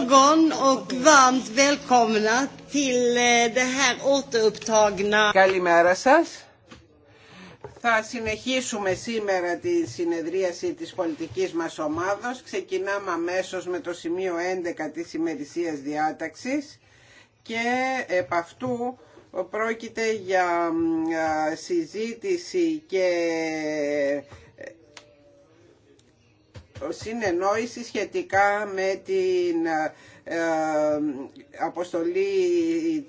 och varmt välkomna till eh, det här återupptagna. Καλημέρα σας. Θα συνεχίσουμε σήμερα τη συνεδρίαση της πολιτικής μας ομάδος. Ξεκινάμε αμέσω με το σημείο 11 της ημερησίας διάταξης και επ' αυτού πρόκειται για συζήτηση και συνεννόηση σχετικά με την ε, ε, αποστολή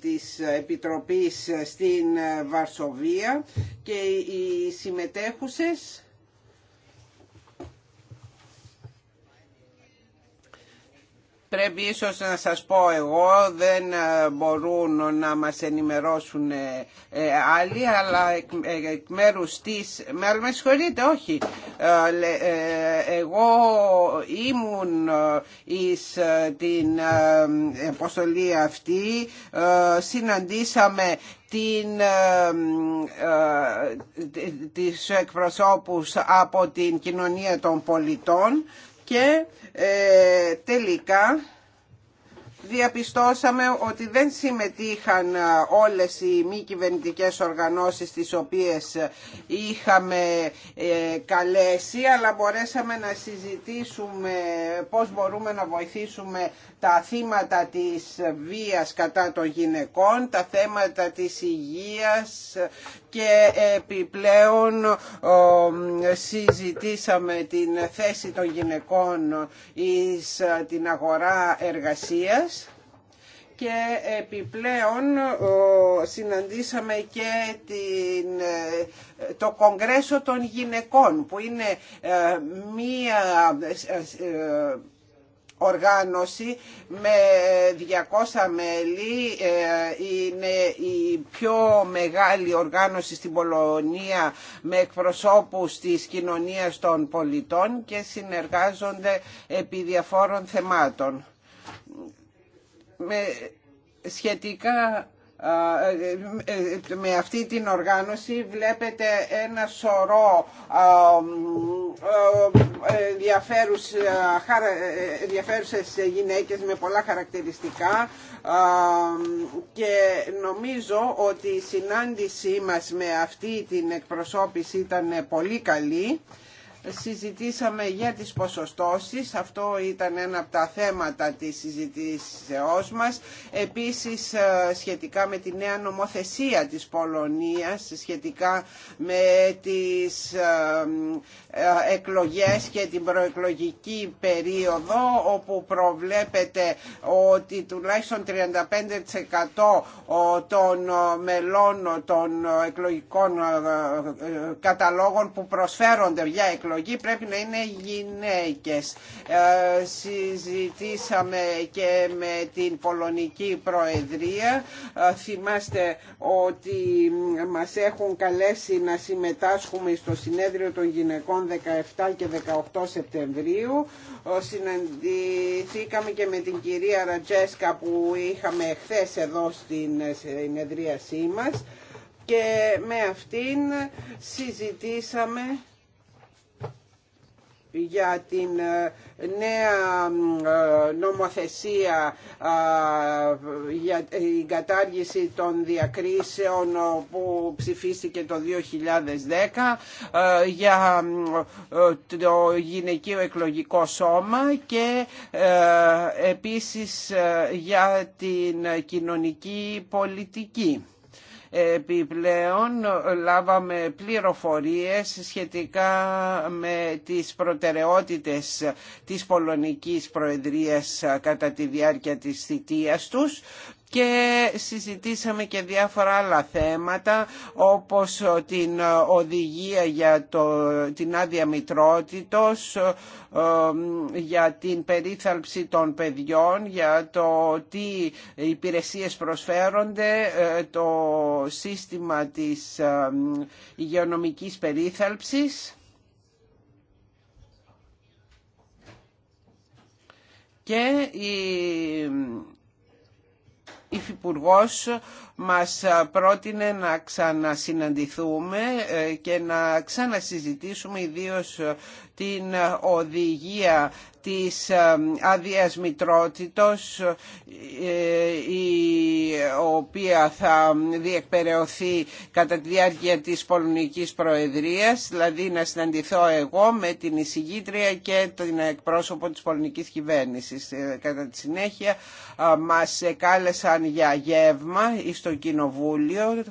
της Επιτροπής στην Βαρσοβία και οι συμμετέχουσες Πρέπει ίσως να σας πω εγώ, δεν ε, μπορούν να μας ενημερώσουν ε, ε, άλλοι, αλλά εκ μέρους της... Με συγχωρείτε, όχι. Εγώ ήμουν εις την αποστολή αυτή, συναντήσαμε την, τις εκπροσώπους από την κοινωνία των πολιτών και ε, τελικά διαπιστώσαμε ότι δεν συμμετείχαν ε, όλες οι μη κυβερνητικέ οργανώσεις τις οποίες ε, είχαμε ε, καλέσει αλλά μπορέσαμε να συζητήσουμε πώς μπορούμε να βοηθήσουμε τα θύματα της βίας κατά των γυναικών, τα θέματα της υγείας και επιπλέον συζητήσαμε την θέση των γυναικών εις την αγορά εργασίας και επιπλέον συναντήσαμε και ε, το Κογκρέσο των Γυναικών που είναι ε, μία ε, οργάνωση με 200 μέλη είναι η πιο μεγάλη οργάνωση στην Πολωνία με εκπροσώπους της κοινωνίας των πολιτών και συνεργάζονται επί διαφόρων θεμάτων με σχετικά ε, ε, με αυτή την οργάνωση βλέπετε ένα σωρό ε, ενδιαφέρουσες γυναίκες με πολλά χαρακτηριστικά και νομίζω ότι η συνάντησή μας με αυτή την εκπροσώπηση ήταν πολύ καλή συζητήσαμε για τις ποσοστώσεις. Αυτό ήταν ένα από τα θέματα της συζητήσεώς μας. Επίσης ε, σχετικά με τη νέα νομοθεσία της Πολωνίας, σχετικά με τις ε, ε, εκλογές και την προεκλογική περίοδο όπου προβλέπεται ότι τουλάχιστον 35% των μελών των εκλογικών καταλόγων που προσφέρονται για εκλογές πρέπει να είναι γυναίκες. Ε, συζητήσαμε και με την Πολωνική Προεδρία. Ε, θυμάστε ότι μας έχουν καλέσει να συμμετάσχουμε στο συνέδριο των γυναικών 17 και 18 Σεπτεμβρίου. Ε, συναντηθήκαμε και με την κυρία Ρατζέσκα που είχαμε χθες εδώ στην συνεδρίασή μας και με αυτήν συζητήσαμε για την ε, νέα ε, νομοθεσία ε, για την κατάργηση των διακρίσεων που ψηφίστηκε το 2010 για το γυναικείο εκλογικό σώμα και επίσης για την κοινωνική πολιτική. Επιπλέον λάβαμε πληροφορίες σχετικά με τις προτεραιότητες της Πολωνικής Προεδρίας κατά τη διάρκεια της θητείας τους και συζητήσαμε και διάφορα άλλα θέματα όπως την οδηγία για την άδεια μητρότητος, ε, για την περίθαλψη των παιδιών, για το τι υπηρεσίες προσφέρονται, ε, το σύστημα της ε, υγειονομικής περίθαλψης. Και η υφυπουργό μας πρότεινε να ξανασυναντηθούμε ε, και να ξανασυζητήσουμε ιδίως την ε, οδηγία της ε, άδειας μητρότητος ε, η οποία θα διεκπαιρεωθεί κατά τη διάρκεια της Πολωνικής Προεδρίας δηλαδή να συναντηθώ εγώ με την εισηγήτρια και τον εκπρόσωπο της Πολωνικής Κυβέρνησης κατά τη συνέχεια μας κάλεσαν για γεύμα στο Κοινοβούλιο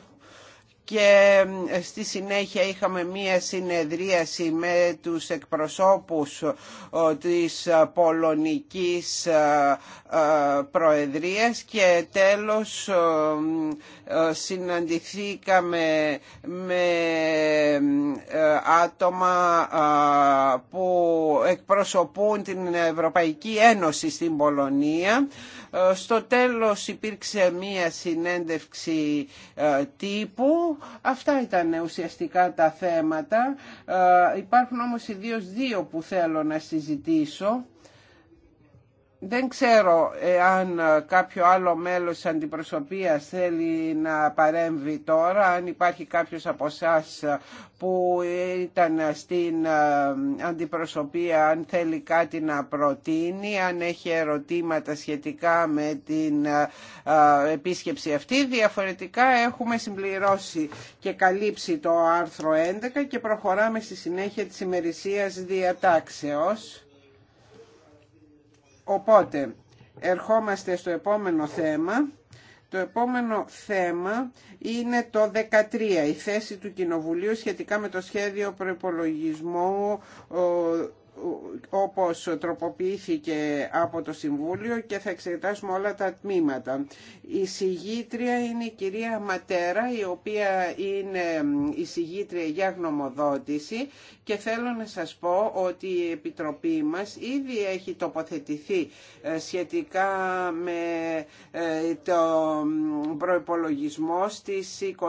και ε, στη συνέχεια είχαμε μία συνεδρίαση με τους εκπροσώπους της ε, Πολωνικής ε, Προεδρίας και τέλος συναντηθήκαμε με άτομα που εκπροσωπούν την Ευρωπαϊκή Ένωση στην Πολωνία στο τέλος υπήρξε μία συνέντευξη ε, τύπου. Αυτά ήταν ουσιαστικά τα θέματα. Ε, υπάρχουν όμως ιδίως δύο που θέλω να συζητήσω. Δεν ξέρω αν ε, κάποιο άλλο μέλος της αντιπροσωπείας θέλει να παρέμβει τώρα, αν υπάρχει κάποιος από εσά ε, που ήταν στην ε, αντιπροσωπεία, αν θέλει κάτι να προτείνει, αν έχει ερωτήματα σχετικά με την επίσκεψη αυτή. Διαφορετικά έχουμε συμπληρώσει και καλύψει το άρθρο 11 και προχωράμε στη συνέχεια της ημερησίας διατάξεως. Οπότε, ερχόμαστε στο επόμενο θέμα. Το επόμενο θέμα είναι το 13, η θέση του Κοινοβουλίου σχετικά με το σχέδιο προϋπολογισμού όπως τροποποιήθηκε από το Συμβούλιο και θα εξετάσουμε όλα τα τμήματα. Η συγγήτρια είναι η κυρία Ματέρα, η οποία είναι η συγγήτρια για γνωμοδότηση και θέλω να σας πω ότι η Επιτροπή μας ήδη έχει τοποθετηθεί ε, σχετικά με ε, το προϋπολογισμό στις 25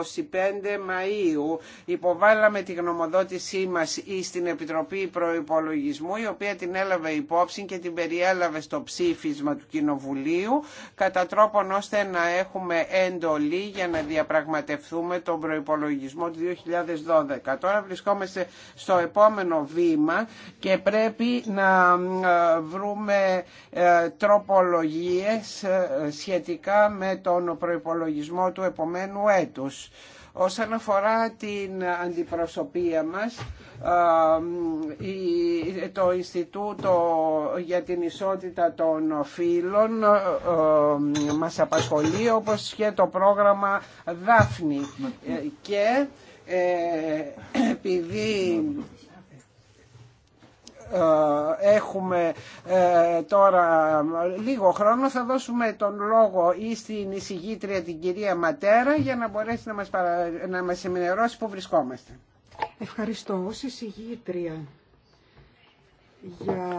Μαΐου. Υποβάλαμε τη γνωμοδότησή μας στην Επιτροπή Προϋπολογισμού η οποία την έλαβε υπόψη και την περιέλαβε στο ψήφισμα του Κοινοβουλίου κατά τρόπον ώστε να έχουμε εντολή για να διαπραγματευτούμε τον προϋπολογισμό του 2012. Τώρα βρισκόμαστε στο επόμενο βήμα και πρέπει να ε, βρούμε ε, τροπολογίες ε, σχετικά με τον προϋπολογισμό του επομένου έτους. Όσον αφορά την αντιπροσωπεία μας, ε, το Ινστιτούτο για την Ισότητα των Φύλων ε, ε, μας απασχολεί όπως και το πρόγραμμα Δάφνη και επειδή ε, έχουμε ε, τώρα λίγο χρόνο θα δώσουμε τον λόγο ή στην εισηγήτρια την κυρία Ματέρα για να μπορέσει να μας, παρα... μας εμεινερώσει που βρισκόμαστε. Ευχαριστώ. Ως εισηγήτρια για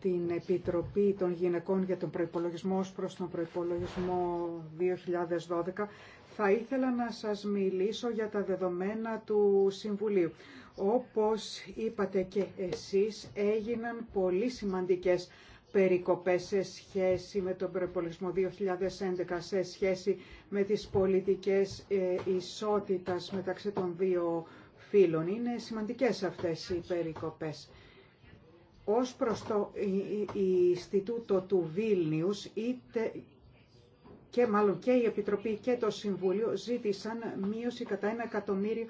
την Επιτροπή των Γυναικών για τον Προϋπολογισμό ως προς τον Προϋπολογισμό 2012 θα ήθελα να σας μιλήσω για τα δεδομένα του Συμβουλίου. Όπως είπατε και εσείς, έγιναν πολύ σημαντικές περικοπές σε σχέση με τον προπολογισμό 2011, σε σχέση με τις πολιτικές ε, ισότητας μεταξύ των δύο φύλων. Είναι σημαντικές αυτές οι περικοπές. Ως προς το Ινστιτούτο του Βίλνιους, είτε και μάλλον και η Επιτροπή και το Συμβούλιο ζήτησαν μείωση κατά ένα εκατομμύριο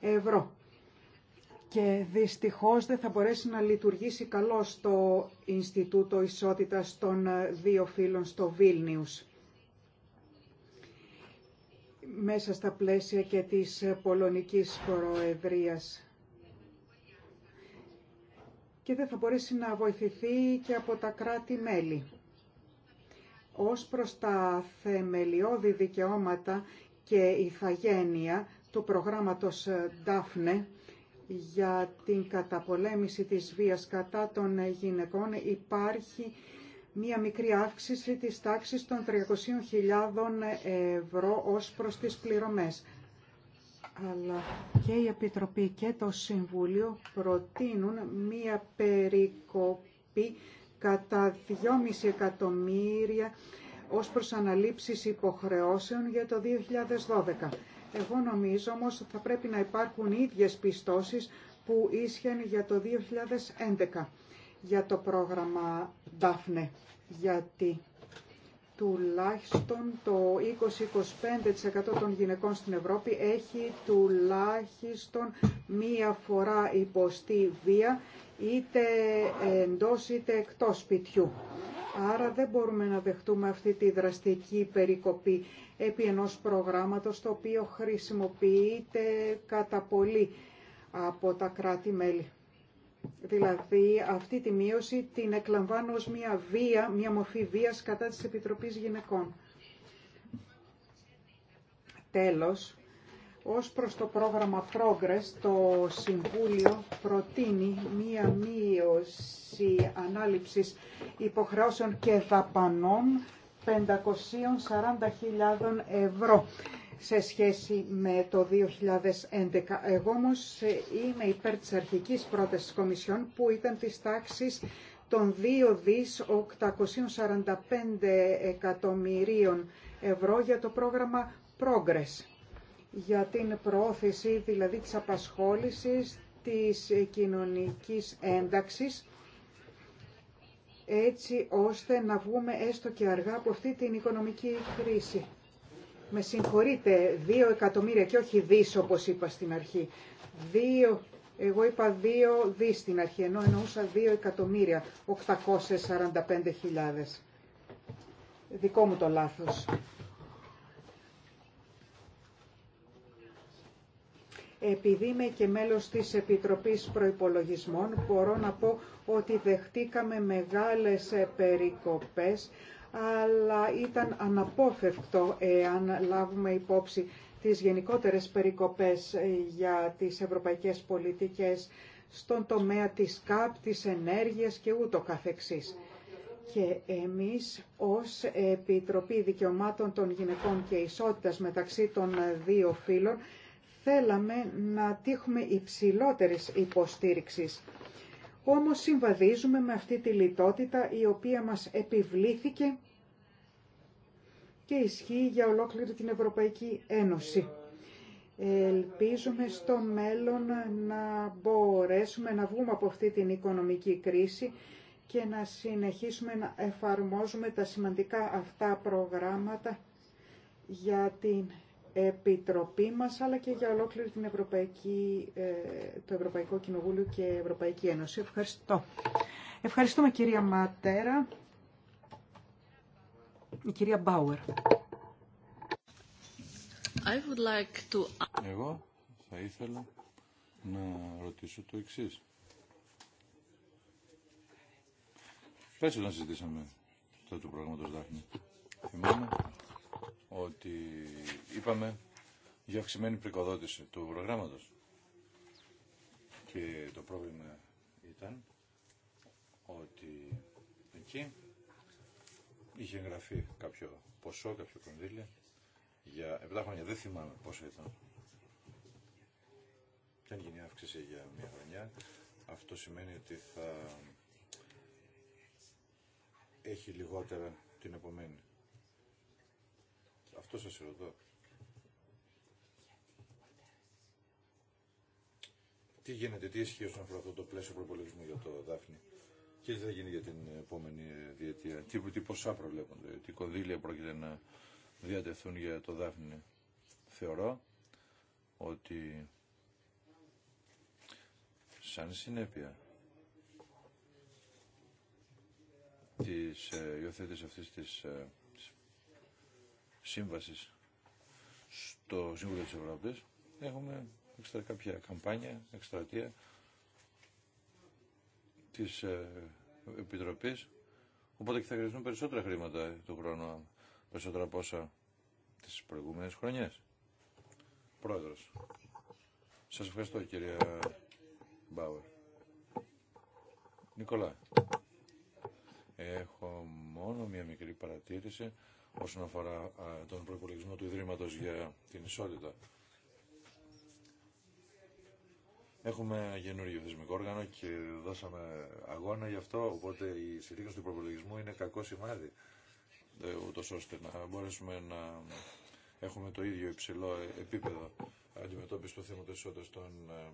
ευρώ και δυστυχώς δεν θα μπορέσει να λειτουργήσει καλό στο Ινστιτούτο Ισότητας των Δύο φίλων στο Βίλνιους μέσα στα πλαίσια και της Πολωνικής Προεδρίας. Και δεν θα μπορέσει να βοηθηθεί και από τα κράτη-μέλη. Ως προς τα θεμελιώδη δικαιώματα και ηθαγένεια του προγράμματος DAFNE, για την καταπολέμηση της βίας κατά των γυναικών υπάρχει μία μικρή αύξηση της τάξης των 300.000 ευρώ ως προς τις πληρωμές. Αλλά και η Επιτροπή και το Συμβούλιο προτείνουν μία περικοπή κατά 2,5 εκατομμύρια ως προς αναλήψεις υποχρεώσεων για το 2012. Εγώ νομίζω όμως ότι θα πρέπει να υπάρχουν ίδιες πιστώσεις που ίσχυαν για το 2011 για το πρόγραμμα DAFNE, γιατί τουλάχιστον το 20-25% των γυναικών στην Ευρώπη έχει τουλάχιστον μία φορά υποστεί βία είτε εντός είτε εκτός σπιτιού. Άρα δεν μπορούμε να δεχτούμε αυτή τη δραστική περικοπή επί ενός προγράμματος το οποίο χρησιμοποιείται κατά πολύ από τα κράτη-μέλη. Δηλαδή αυτή τη μείωση την εκλαμβάνω ως μια βία, μια μορφή βίας κατά της Επιτροπής Γυναικών. Τέλος, ως προς το πρόγραμμα Progress, το Συμβούλιο προτείνει μία μείωση ανάληψης υποχρεώσεων και δαπανών 540.000 ευρώ σε σχέση με το 2011. Εγώ όμως είμαι υπέρ της αρχικής πρότασης Κομισιόν που ήταν της τάξης των 2 εκατομμυρίων ευρώ για το πρόγραμμα Progress για την προώθηση δηλαδή της απασχόλησης, της κοινωνικής ένταξης, έτσι ώστε να βγούμε έστω και αργά από αυτή την οικονομική κρίση. Με συγχωρείτε, δύο εκατομμύρια και όχι δις όπως είπα στην αρχή. Δύο, εγώ είπα δύο δις στην αρχή, ενώ εννοούσα δύο εκατομμύρια, 845.000. Δικό μου το λάθος. Επειδή είμαι και μέλος της Επιτροπής Προϋπολογισμών, μπορώ να πω ότι δεχτήκαμε μεγάλες περικοπές, αλλά ήταν αναπόφευκτο εάν λάβουμε υπόψη τις γενικότερες περικοπές για τις ευρωπαϊκές πολιτικές στον τομέα της ΚΑΠ, της ενέργειας και ούτω καθεξής. Και εμείς ως Επιτροπή Δικαιωμάτων των Γυναικών και Ισότητας μεταξύ των δύο φύλων θέλαμε να τύχουμε υψηλότερης υποστήριξης. Όμως συμβαδίζουμε με αυτή τη λιτότητα η οποία μας επιβλήθηκε και ισχύει για ολόκληρη την Ευρωπαϊκή Ένωση. Ελπίζουμε στο μέλλον να μπορέσουμε να βγούμε από αυτή την οικονομική κρίση και να συνεχίσουμε να εφαρμόζουμε τα σημαντικά αυτά προγράμματα για την Επιτροπή μας, αλλά και για ολόκληρη την Ευρωπαϊκή, ε, το Ευρωπαϊκό Κοινοβούλιο και Ευρωπαϊκή Ένωση. Ευχαριστώ. Ευχαριστούμε κυρία Ματέρα. Η κυρία Μπάουερ. Εγώ θα ήθελα να ρωτήσω το εξή. Πέσε να συζητήσαμε το του προγράμματος δάχνη Θυμάμαι ότι είπαμε για αυξημένη πρικοδότηση του προγράμματος. Και το πρόβλημα ήταν ότι εκεί είχε εγγραφεί κάποιο ποσό, κάποιο κονδύλιο για 7 χρόνια. Δεν θυμάμαι πόσο ήταν. Και αν γίνει αύξηση για μια χρονιά, αυτό σημαίνει ότι θα έχει λιγότερα την επομένη. Αυτό σας ρωτώ. Τι γίνεται, τι ισχύει όσον αφορά αυτό το πλαίσιο προπολογισμού για το Δάφνη. Και τι θα γίνει για την επόμενη διετία. Τι, τι ποσά προβλέπονται, τι κονδύλια πρόκειται να διατεθούν για το Δάφνη. Θεωρώ ότι σαν συνέπεια της ε, υιοθέτησης αυτής της ε, Σύμβαση στο Σύμβουλο τη Ευρώπη. έχουμε έξτρα κάποια καμπάνια, εκστρατεία τη ε, οπότε και θα χρειαστούν περισσότερα χρήματα του χρόνου περισσότερα πόσα όσα τις προηγούμενες χρονιές Πρόεδρος Σας ευχαριστώ κυρία Μπάουερ Νικολά Έχω μόνο μια μικρή παρατήρηση όσον αφορά τον προπολογισμό του Ιδρύματος για την ισότητα. Έχουμε γεννούργιο θεσμικό όργανο και δώσαμε αγώνα γι' αυτό, οπότε η συρρήκνωση του προπολογισμού είναι κακό σημάδι, ε, ούτως ώστε να μπορέσουμε να έχουμε το ίδιο υψηλό επίπεδο αντιμετώπιση του θέματος ισότητας των ε,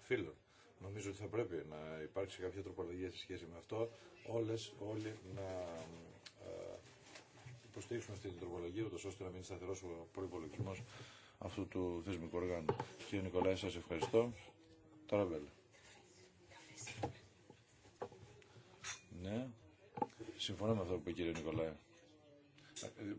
φίλων. Νομίζω ότι θα πρέπει να υπάρξει κάποια τροπολογία σε σχέση με αυτό, όλες, όλοι να προσθέσουμε αυτή την τροπολογία, ούτως ώστε να μην σταθερό ο προπολογισμό αυτού του θεσμικού οργάνου. Κύριε Νικολάη, σα ευχαριστώ. Τώρα Ναι, συμφωνώ με αυτό που είπε κύριε Νικολάη.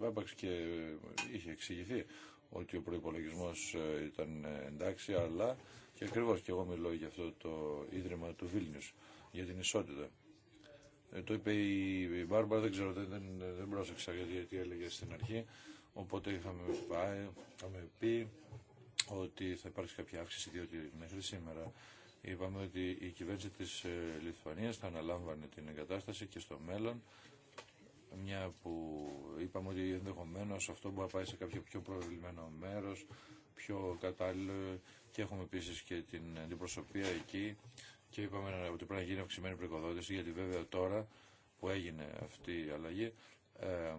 Υπάρχει ε, και ε, είχε εξηγηθεί ότι ο προπολογισμό ε, ήταν εντάξει, αλλά και ακριβώ και εγώ μιλώ για αυτό το ίδρυμα του Βίλνιου για την ισότητα. Ε, το είπε η Μπάρμπαρα, δεν ξέρω, δεν, δεν, δεν πρόσεξα γιατί τι έλεγε στην αρχή. Οπότε είχαμε, πάει, είχαμε πει ότι θα υπάρξει κάποια αύξηση, διότι μέχρι σήμερα είπαμε ότι η κυβέρνηση της ε, Λιθουανίας θα αναλάμβανε την εγκατάσταση και στο μέλλον μια που είπαμε ότι ενδεχομένω αυτό μπορεί να πάει σε κάποιο πιο προβλημένο μέρος, πιο κατάλληλο και έχουμε επίση και την αντιπροσωπεία εκεί και είπαμε ότι πρέπει να γίνει αυξημένη προϋποδότηση γιατί βέβαια τώρα που έγινε αυτή η αλλαγή ε, ε,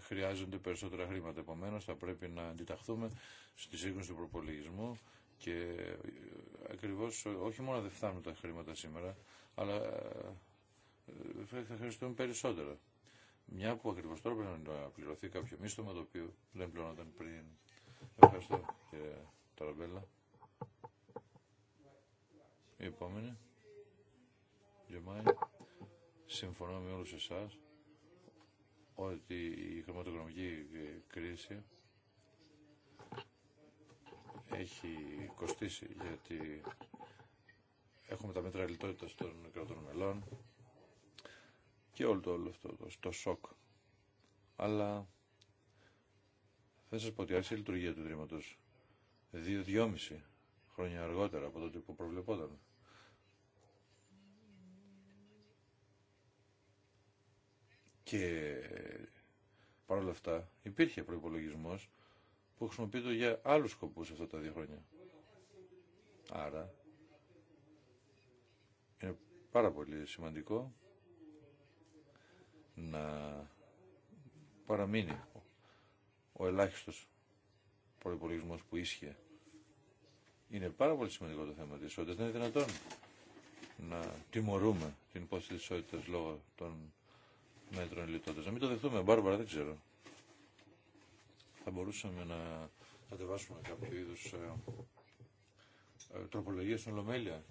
χρειάζονται περισσότερα χρήματα. Επομένως θα πρέπει να αντιταχθούμε στη σύγκρουση του προπολογισμού και ε, ακριβώς όχι μόνο δεν φτάνουν τα χρήματα σήμερα αλλά ε, ε, θα χρειαστούν περισσότερα. Μια που ακριβώς τώρα πρέπει να πληρωθεί κάποιο μίστομα το οποίο δεν πληρώνονταν πριν. Ευχαριστώ κύριε Ταραμπέλα. Η επόμενη. Γιωμάνη. Συμφωνώ με όλους εσάς ότι η χρηματοοικονομική κρίση έχει κοστίσει γιατί έχουμε τα μέτρα λιτότητας των κρατών μελών και όλο το, όλο αυτό το, σοκ. Αλλά θα σας πω ότι άρχισε η λειτουργία του ιδρυματος δυο δύο-δυόμιση χρόνια αργότερα από τότε που προβλεπόταν. Και παρ' όλα αυτά υπήρχε προπολογισμό που χρησιμοποιείται για άλλους σκοπούς αυτά τα δύο χρόνια. Άρα είναι πάρα πολύ σημαντικό να παραμείνει ο ελάχιστος προπολογισμό που ίσχυε. Είναι πάρα πολύ σημαντικό το θέμα της ισότητας. Δεν είναι δυνατόν να τιμωρούμε την υπόθεση της ισότητας λόγω των μέτρων λιτότητας. Να μην το δεχτούμε, Μπάρμπαρα, δεν ξέρω. Θα μπορούσαμε να αντεβάσουμε κάποιο είδους ε, ε, τροπολογία στην Ολομέλεια.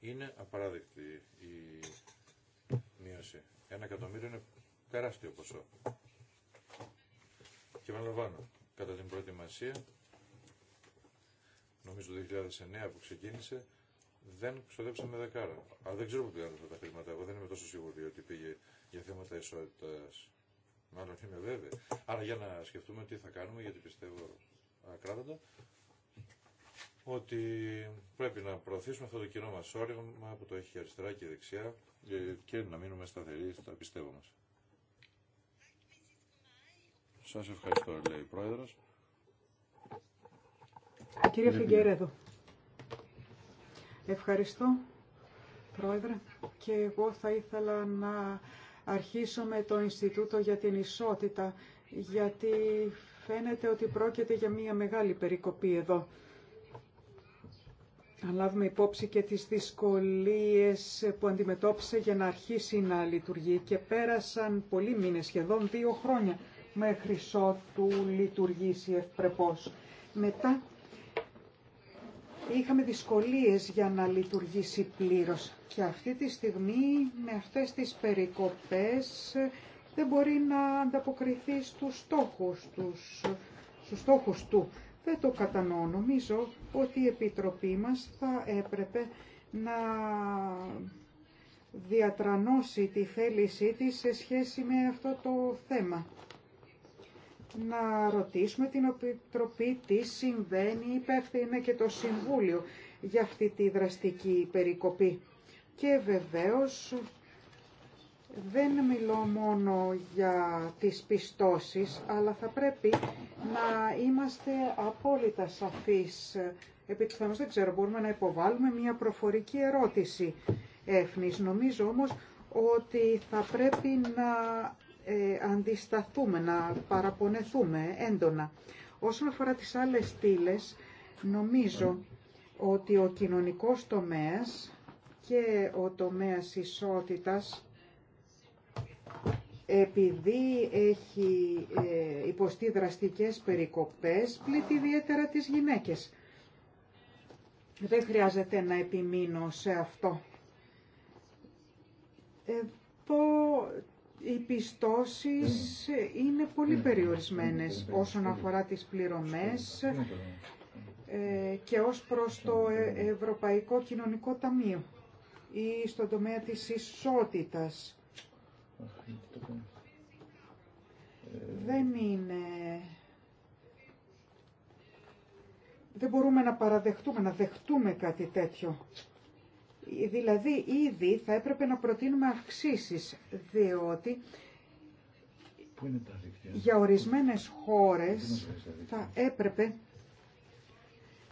Είναι απαράδεκτη η μείωση. Ένα εκατομμύριο είναι τεράστιο ποσό. Και λαμβάνω. κατά την προετοιμασία, νομίζω το 2009 που ξεκίνησε, δεν ξοδέψαμε δεκάρα. Αλλά δεν ξέρω που πήγαν αυτά τα χρήματα. Εγώ δεν είμαι τόσο σίγουροι ότι πήγε για θέματα ισότητα. Μάλλον είμαι βέβαιο. Άρα για να σκεφτούμε τι θα κάνουμε, γιατί πιστεύω ακράδαντα, ότι πρέπει να προωθήσουμε αυτό το κοινό μας όριγμα που το έχει αριστερά και δεξιά ε, και να μείνουμε σταθεροί στα πιστεύω μας. Σας ευχαριστώ, λέει η Πρόεδρος. Κύριε Φιγκερέδο, ευχαριστώ, Πρόεδρε, και εγώ θα ήθελα να αρχίσω το Ινστιτούτο για την Ισότητα, γιατί φαίνεται ότι πρόκειται για μια μεγάλη περικοπή εδώ. Αν λάβουμε υπόψη και τις δυσκολίες που αντιμετώπισε για να αρχίσει να λειτουργεί και πέρασαν πολλοί μήνες, σχεδόν δύο χρόνια, μέχρι ότου λειτουργήσει ευπρεπώς. Μετά είχαμε δυσκολίες για να λειτουργήσει πλήρως. Και αυτή τη στιγμή με αυτές τις περικοπές δεν μπορεί να ανταποκριθεί στους στόχους, τους, στους στόχους του. Δεν το κατανοώ. Νομίζω ότι η Επιτροπή μας θα έπρεπε να διατρανώσει τη θέλησή της σε σχέση με αυτό το θέμα να ρωτήσουμε την Επιτροπή τι συμβαίνει, υπεύθυνε και το Συμβούλιο για αυτή τη δραστική περικοπή. Και βεβαίως δεν μιλώ μόνο για τις πιστώσεις, αλλά θα πρέπει να είμαστε απόλυτα σαφείς. Επί δεν ξέρω, μπορούμε να υποβάλουμε μια προφορική ερώτηση έφνης. Νομίζω όμως ότι θα πρέπει να ε, αντισταθούμε, να παραπονεθούμε έντονα. Όσον αφορά τις άλλες στήλε, νομίζω ότι ο κοινωνικός τομέας και ο τομέας ισότητας επειδή έχει ε, υποστεί δραστικές περικοπές, πλήττει ιδιαίτερα τις γυναίκες. Δεν χρειάζεται να επιμείνω σε αυτό. Εδώ οι πιστώσεις είναι πολύ ναι, ναι, περιορισμένες ναι, όσον αφορά τις πληρωμές ε, και ως προς το Ευρωπαϊκό Κοινωνικό Ταμείο ή στον τομέα της ισότητας. Δεν είναι... Δεν μπορούμε να παραδεχτούμε, να δεχτούμε κάτι τέτοιο. Δηλαδή ήδη θα έπρεπε να προτείνουμε αυξήσει διότι για ορισμένες χώρες θα έπρεπε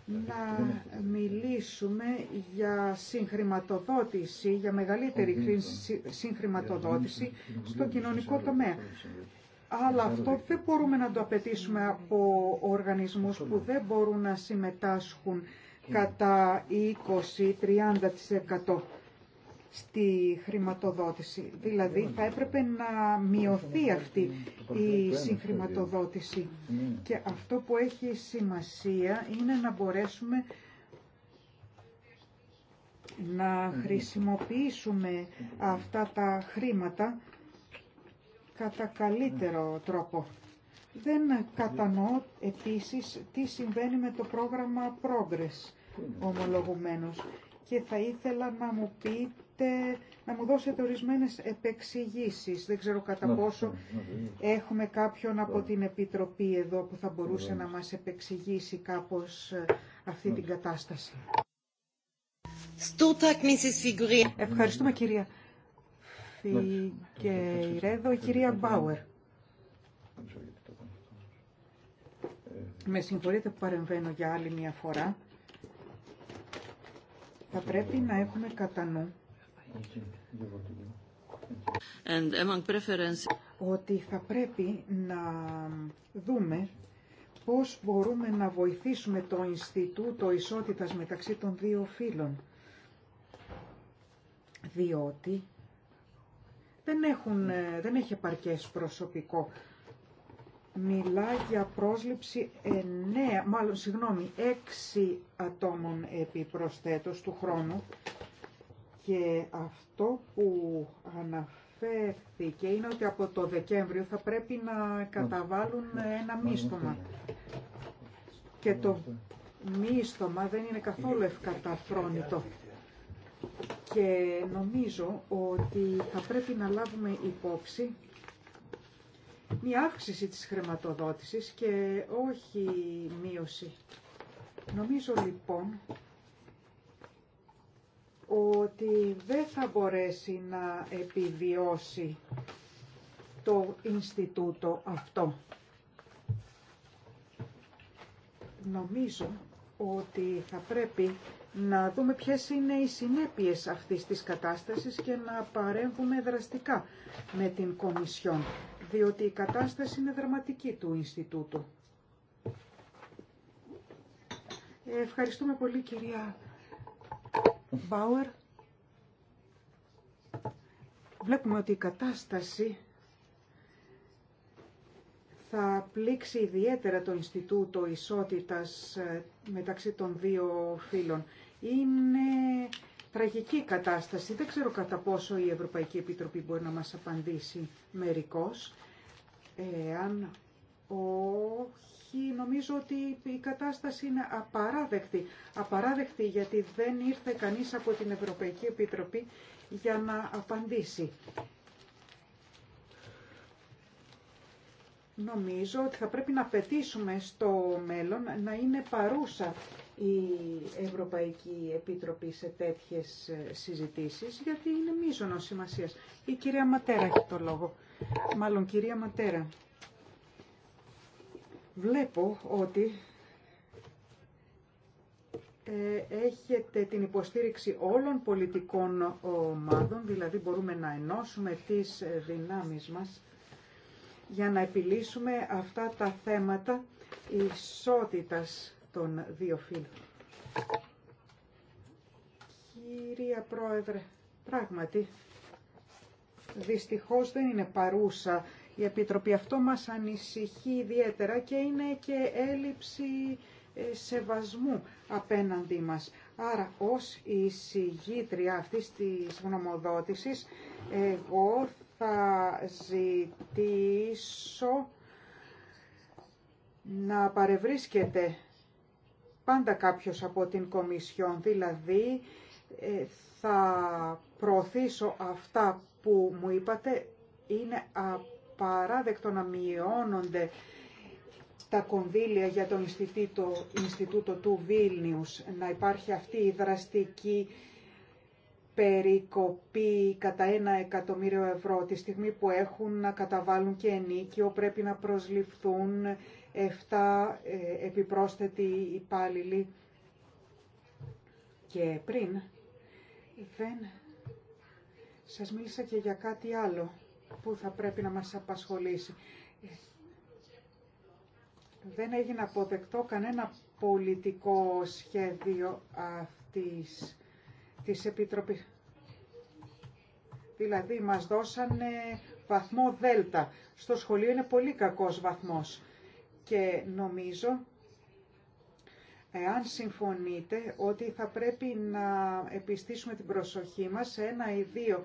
να μιλήσουμε για συγχρηματοδότηση, για μεγαλύτερη συγχρηματοδότηση στο κοινωνικό τομέα. Αλλά αυτό δεν μπορούμε να το απαιτήσουμε από οργανισμούς που δεν μπορούν να συμμετάσχουν κατά 20-30% στη χρηματοδότηση. Δηλαδή θα έπρεπε να μειωθεί αυτή η συγχρηματοδότηση. Και αυτό που έχει σημασία είναι να μπορέσουμε να χρησιμοποιήσουμε αυτά τα χρήματα κατά καλύτερο τρόπο. Δεν κατανοώ επίσης τι συμβαίνει με το πρόγραμμα Progress ομολογουμένως και θα ήθελα να μου πείτε, να μου δώσετε ορισμένες επεξηγήσεις. Δεν ξέρω κατά πόσο έχουμε κάποιον από την Επιτροπή εδώ που θα μπορούσε να μας επεξηγήσει κάπως ε, αυτή την κατάσταση. Ευχαριστούμε κυρία Φιγκερέδο, κυρία Μπάουερ. Με συγχωρείτε που παρεμβαίνω για άλλη μια φορά. Θα πρέπει να έχουμε κατά νου ότι θα πρέπει να δούμε πώς μπορούμε να βοηθήσουμε το Ινστιτούτο Ισότητας μεταξύ των δύο φύλων. Διότι δεν, έχουν, ε, δεν έχει επαρκές προσωπικό μιλά για πρόσληψη 9, μάλλον συγγνώμη, 6 ατόμων επί του χρόνου και αυτό που αναφέρθηκε είναι ότι από το Δεκέμβριο θα πρέπει να καταβάλουν ένα μίστομα. Και το μίστομα δεν είναι καθόλου ευκαταφρόνητο. Και νομίζω ότι θα πρέπει να λάβουμε υπόψη μια αύξηση της χρηματοδότησης και όχι μείωση. Νομίζω λοιπόν ότι δεν θα μπορέσει να επιβιώσει το Ινστιτούτο αυτό. Νομίζω ότι θα πρέπει να δούμε ποιες είναι οι συνέπειες αυτής της κατάστασης και να παρέμβουμε δραστικά με την Κομισιόν διότι η κατάσταση είναι δραματική του Ινστιτούτου. Ευχαριστούμε πολύ κυρία Μπάουερ. Βλέπουμε ότι η κατάσταση θα πλήξει ιδιαίτερα το Ινστιτούτο Ισότητας ε, μεταξύ των δύο φύλων. Είναι τραγική κατάσταση. Δεν ξέρω κατά πόσο η Ευρωπαϊκή Επιτροπή μπορεί να μας απαντήσει μερικώς. Εάν όχι, νομίζω ότι η κατάσταση είναι απαράδεκτη. Απαράδεκτη γιατί δεν ήρθε κανείς από την Ευρωπαϊκή Επιτροπή για να απαντήσει. Νομίζω ότι θα πρέπει να πετήσουμε στο μέλλον να είναι παρούσα η Ευρωπαϊκή Επίτροπη σε τέτοιες ε, συζητήσεις, γιατί είναι μείζονο σημασία. Η κυρία Ματέρα έχει το λόγο. Μάλλον, κυρία Ματέρα, βλέπω ότι ε, έχετε την υποστήριξη όλων πολιτικών ομάδων, δηλαδή μπορούμε να ενώσουμε τις δυνάμεις μας για να επιλύσουμε αυτά τα θέματα ισότητας των δύο Κυρία Πρόεδρε, πράγματι, δυστυχώς δεν είναι παρούσα η Επιτροπή. Αυτό μας ανησυχεί ιδιαίτερα και είναι και έλλειψη ε, σεβασμού απέναντι μας. Άρα, ως η συγγήτρια αυτής της γνωμοδότησης, εγώ θα ζητήσω να παρευρίσκεται πάντα κάποιος από την Κομισιόν, δηλαδή ε, θα προωθήσω αυτά που μου είπατε, είναι απαράδεκτο να μειώνονται τα κονδύλια για το Ινστιτούτο, του Βίλνιους, να υπάρχει αυτή η δραστική περικοπή κατά ένα εκατομμύριο ευρώ τη στιγμή που έχουν να καταβάλουν και ενίκιο, πρέπει να προσληφθούν 7 ε, επιπρόσθετοι υπάλληλοι και πριν δεν σας μίλησα και για κάτι άλλο που θα πρέπει να μας απασχολήσει. Δεν έγινε αποδεκτό κανένα πολιτικό σχέδιο αυτής της Επιτροπής. Δηλαδή μας δώσανε βαθμό δέλτα. Στο σχολείο είναι πολύ κακός βαθμός. Και νομίζω, εάν συμφωνείτε, ότι θα πρέπει να επιστήσουμε την προσοχή μας σε ένα ή δύο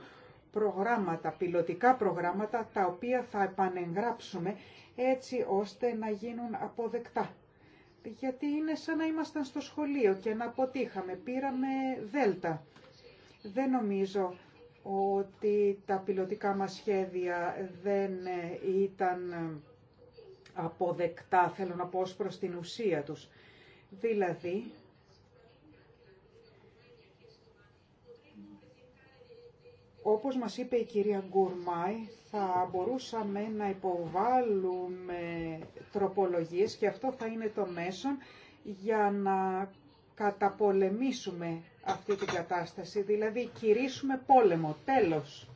προγράμματα, πιλωτικά προγράμματα, τα οποία θα επανεγγράψουμε έτσι ώστε να γίνουν αποδεκτά. Γιατί είναι σαν να ήμασταν στο σχολείο και να αποτύχαμε. Πήραμε δέλτα. Δεν νομίζω ότι τα πιλωτικά μας σχέδια δεν ήταν αποδεκτά, θέλω να πω, ως προς την ουσία τους. Δηλαδή, όπως μας είπε η κυρία Γκουρμάη, θα μπορούσαμε να υποβάλουμε τροπολογίες και αυτό θα είναι το μέσον για να καταπολεμήσουμε αυτή την κατάσταση, δηλαδή κηρύσουμε πόλεμο, τέλος.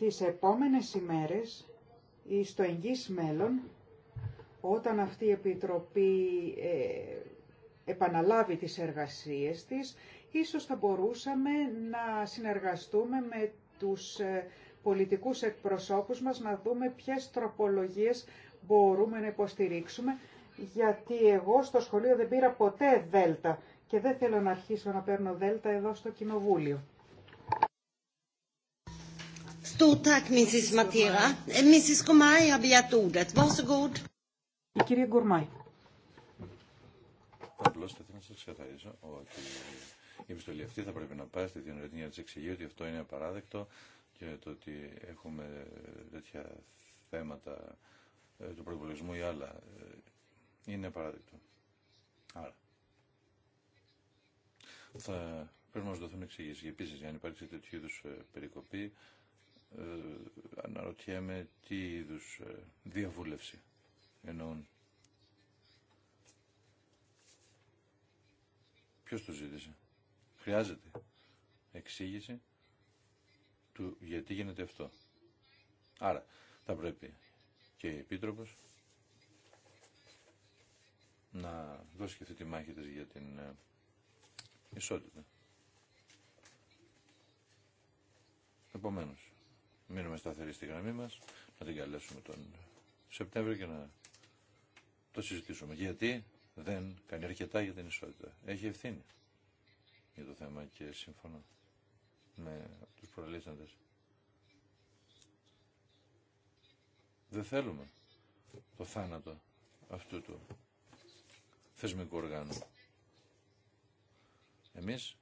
τις επόμενες ημέρες ή στο εγγύς μέλλον, όταν αυτή η Επιτροπή ε, επαναλάβει τις εργασίες της, ίσως θα μπορούσαμε να συνεργαστούμε με τους ε, πολιτικούς εκπροσώπους μας, να δούμε ποιες τροπολογίες μπορούμε να υποστηρίξουμε, γιατί εγώ στο σχολείο δεν πήρα ποτέ δέλτα και δεν θέλω να αρχίσω να παίρνω δέλτα εδώ στο Κοινοβούλιο. Η eh, κυρία Γκουρμάη. Απλώ θα ήθελα να σα ξεκαθαρίσω ότι η επιστολή αυτή θα πρέπει να πάει στη Διονρετνία τη εξηγεί ότι αυτό είναι απαράδεκτο και το ότι έχουμε τέτοια θέματα ε, του προπολογισμού ή άλλα ε, είναι απαράδεκτο. Άρα θα πρέπει να μα δοθούν εξηγήσει. Επίση, αν υπάρξει τέτοιου είδου ε, περικοπή, ε, αναρωτιέμαι τι είδους ε, διαβούλευση εννοούν. Ποιος το ζήτησε. Χρειάζεται εξήγηση του γιατί γίνεται αυτό. Άρα θα πρέπει και η Επίτροπος να δώσει και αυτή τη μάχη της για την ε, ισότητα. Επομένως, μείνουμε σταθεροί στη γραμμή μας, να την καλέσουμε τον Σεπτέμβριο και να το συζητήσουμε. Γιατί δεν κάνει αρκετά για την ισότητα. Έχει ευθύνη για το θέμα και συμφωνώ με τους προλύσαντες. Δεν θέλουμε το θάνατο αυτού του θεσμικού οργάνου. Εμείς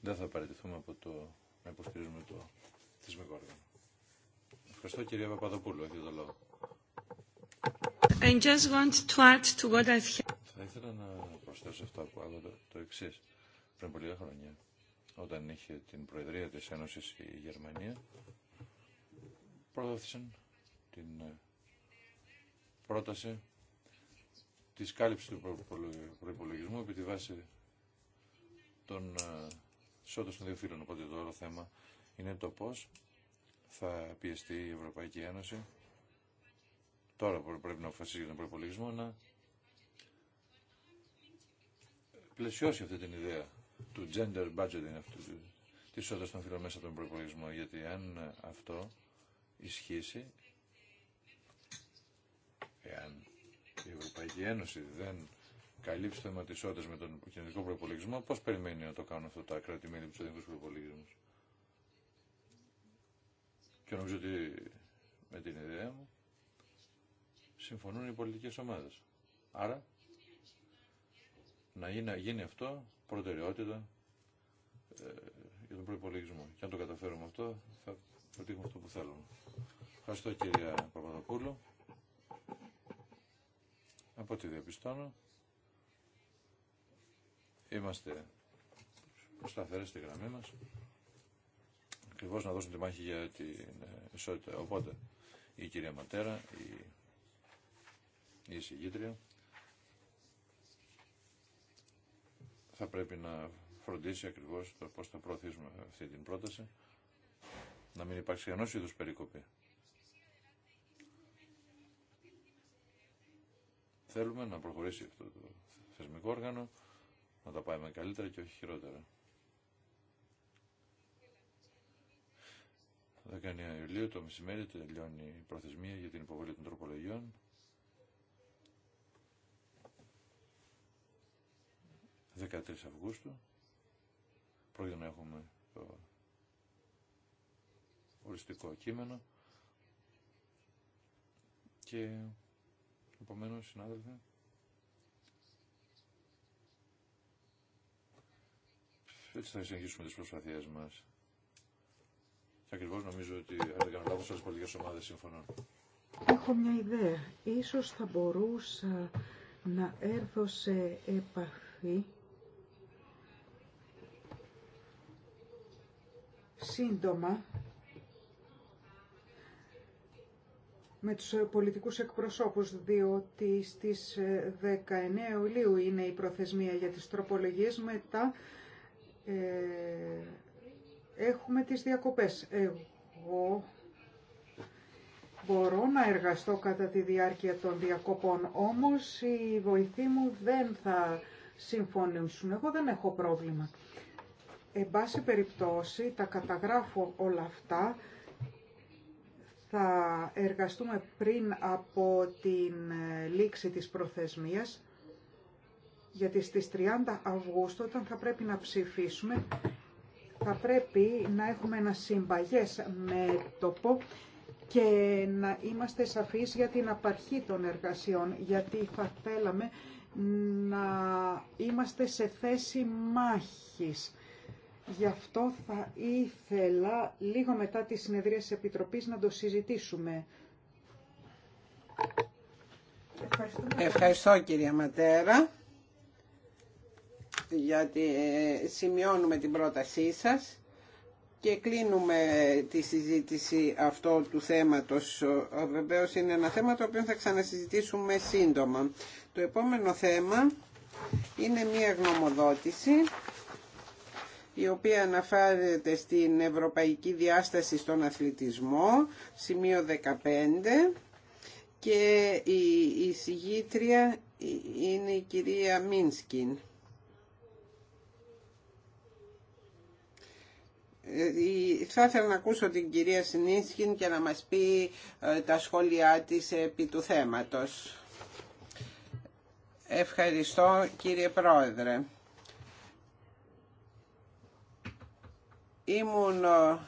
δεν θα παραιτηθούμε από το να υποστηρίζουμε το θεσμικό όργανο. Ευχαριστώ κυρία Παπαδοπούλου, έχετε το λόγο. Θα ήθελα να προσθέσω αυτό που άκουγα το, το εξή. Πριν πολλή χρόνια, όταν είχε την Προεδρία της Ένωσης η Γερμανία, προώθησαν την ε, πρόταση της κάλυψης του προϋπολογισμού επί τη βάση των ε, σώτων των δύο φύλων. Οπότε το άλλο θέμα είναι το πώς θα πιεστεί η Ευρωπαϊκή Ένωση. Τώρα που πρέπει να αποφασίσει για τον προπολογισμό να πλαισιώσει αυτή την ιδέα του gender budgeting αυτού, τη σώτας των φύλων μέσα από τον προπολογισμό. Γιατί αν αυτό ισχύσει, εάν η Ευρωπαϊκή Ένωση δεν καλύψει το θέμα με τον κοινωνικό προπολογισμό, πώς περιμένει να το κάνουν αυτό τα κράτη-μέλη του κοινωνικού προπολογισμού. Και νομίζω ότι με την ιδέα μου συμφωνούν οι πολιτικές ομάδες. Άρα να γίνει, αυτό προτεραιότητα ε, για τον προπολογισμό. Και αν το καταφέρουμε αυτό θα πετύχουμε αυτό που θέλουμε. Ευχαριστώ κυρία Παπαδοπούλου. Από ό,τι διαπιστώνω είμαστε προσταθερές στη γραμμή μας ακριβώς να δώσουν τη μάχη για την ε, ισότητα. Οπότε η κυρία Ματέρα, η, η εισηγήτρια, θα πρέπει να φροντίσει ακριβώς το πώς θα προωθήσουμε αυτή την πρόταση, να μην υπάρξει ενός είδους περικοπή. Θέλουμε να προχωρήσει αυτό το θεσμικό όργανο, να τα πάμε καλύτερα και όχι χειρότερα. 19 Ιουλίου το μεσημέρι τελειώνει η προθεσμία για την υποβολή των τροπολογιών. ...13 Αυγούστου... ...πρόκειται να έχουμε το οριστικό κείμενο... ...και επομένως συνάδελφοι... ...έτσι θα συνεχίσουμε τις προσπαθίες μας... Ακριβώ νομίζω ότι αν δεν κάνω λάθος όλες οι πολιτικές ομάδες συμφωνούν. Έχω μια ιδέα. Ίσως θα μπορούσα να έρθω σε επαφή σύντομα με τους πολιτικούς εκπροσώπους, διότι στις 19 ε, Ιουλίου είναι η προθεσμία για τις τροπολογίες, μετά ε, έχουμε τις διακοπές. Εγώ μπορώ να εργαστώ κατά τη διάρκεια των διακοπών, όμως οι βοηθοί μου δεν θα συμφωνήσουν. Εγώ δεν έχω πρόβλημα. Εν πάση περιπτώσει, τα καταγράφω όλα αυτά. Θα εργαστούμε πριν από την ε, λήξη της προθεσμίας, γιατί στις 30 Αυγούστου, όταν θα πρέπει να ψηφίσουμε, θα πρέπει να έχουμε ένα συμπαγές μέτωπο και να είμαστε σαφείς για την απαρχή των εργασιών, γιατί θα θέλαμε να είμαστε σε θέση μάχης. Γι' αυτό θα ήθελα λίγο μετά τη συνεδρία της Επιτροπής να το συζητήσουμε. Ευχαριστώ, Ευχαριστώ κυρία Ματέρα γιατί ε, σημειώνουμε την πρότασή σας και κλείνουμε τη συζήτηση αυτό του θέματος. Βεβαίως είναι ένα θέμα το οποίο θα ξανασυζητήσουμε σύντομα. Το επόμενο θέμα είναι μια γνωμοδότηση η οποία αναφέρεται στην Ευρωπαϊκή Διάσταση στον Αθλητισμό, σημείο 15, και η, η συγγήτρια είναι η κυρία Μίνσκιν. Ε, θα ήθελα να ακούσω την κυρία Σνίσχυν και να μας πει ε, τα σχόλιά της επί του θέματος. Ευχαριστώ κύριε Πρόεδρε. Ήμουν ε,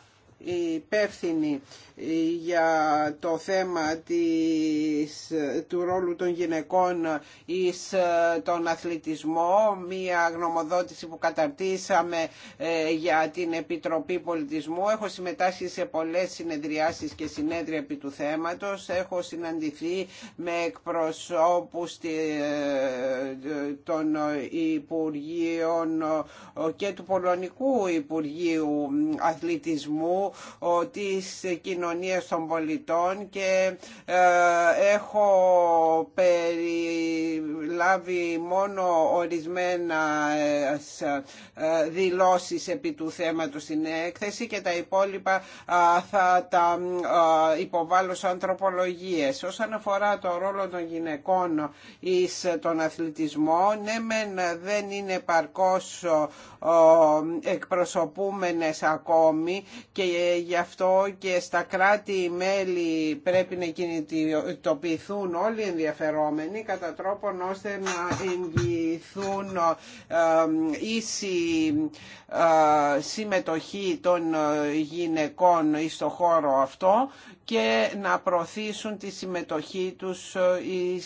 υπεύθυνη ε, για το θέμα της, του ρόλου των γυναικών εις ε, τον αθλητισμό, μία γνωμοδότηση που καταρτήσαμε ε, για την Επιτροπή Πολιτισμού. Έχω συμμετάσχει σε πολλές συνεδριάσεις και συνέδρια επί του θέματος. Έχω συναντηθεί με εκπροσώπους των Υπουργείων και του Πολωνικού Υπουργείου Αθλητισμού της κοινωνίας των πολιτών και ε, έχω περί λάβει μόνο ορισμένα ε, ε, δηλώσεις επί του θέματος στην έκθεση και τα υπόλοιπα θα τα υποβάλλω σαν τροπολογίες. Όσον αφορά το ρόλο των γυναικών εις τον αθλητισμό, ναι μεν δεν είναι παρκώς εκπροσωπούμενες ακόμη και γι' αυτό και στα κράτη-μέλη πρέπει να κινητοποιηθούν όλοι οι ενδιαφερόμενοι κατά τρόπον ώστε ώστε να εγγυηθούν ίση ε, συμμετοχή των γυναικών στο χώρο αυτό και να προωθήσουν τη συμμετοχή τους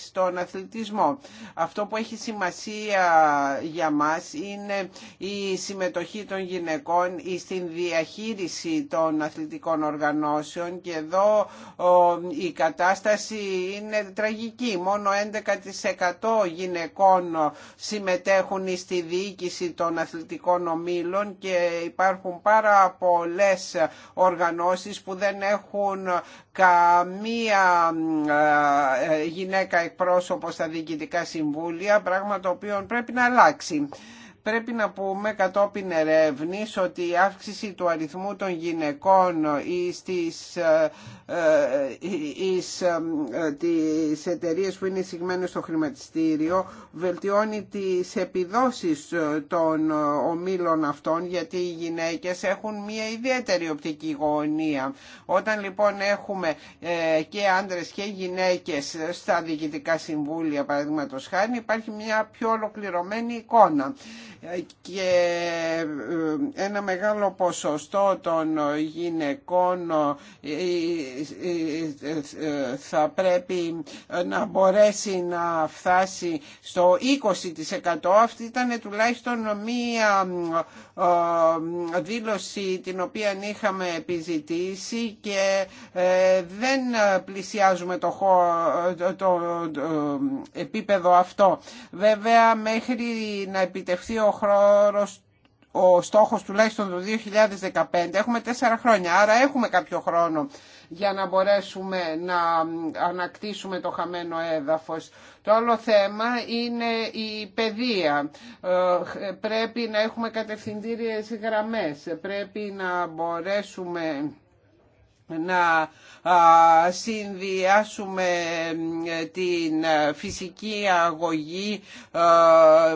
στον ε, αθλητισμό. Αυτό που έχει σημασία για μας είναι η συμμετοχή των γυναικών στην διαχείριση των αθλητικών οργανώσεων και εδώ η κατάσταση είναι τραγική. Μόνο 11% γυναικών συμμετέχουν στη διοίκηση των αθλητικών ομίλων και υπάρχουν πάρα πολλές οργανώσεις που δεν έχουν καμία ε, ε, γυναίκα εκπρόσωπο στα διοικητικά συμβούλια, πράγμα το οποίο πρέπει να αλλάξει. Πρέπει να πούμε κατόπιν ερεύνης ότι η αύξηση του αριθμού των γυναικών στις, στις, στις που είναι εισηγμένες στο χρηματιστήριο βελτιώνει τις επιδόσεις των ομίλων αυτών γιατί οι γυναίκες έχουν μια ιδιαίτερη οπτική γωνία. Όταν λοιπόν έχουμε ε, και άντρες και γυναίκες στα διοικητικά συμβούλια παραδείγματος χάρη υπάρχει μια πιο ολοκληρωμένη εικόνα και ε, ένα μεγάλο ποσοστό των γυναικών ε, ε, θα πρέπει να μπορέσει να φτάσει στο 20%. Αυτή ήταν τουλάχιστον μία δήλωση την οποία είχαμε επιζητήσει και δεν πλησιάζουμε το, το επίπεδο αυτό. Βέβαια μέχρι να επιτευχθεί ο ο στόχος τουλάχιστον το 2015, έχουμε τέσσερα χρόνια, άρα έχουμε κάποιο χρόνο για να μπορέσουμε να ανακτήσουμε το χαμένο έδαφος. Το άλλο θέμα είναι η παιδεία. Ε, πρέπει να έχουμε κατευθυντήριες γραμμές, πρέπει να μπορέσουμε να συνδυάσουμε ε, την ε, φυσική αγωγή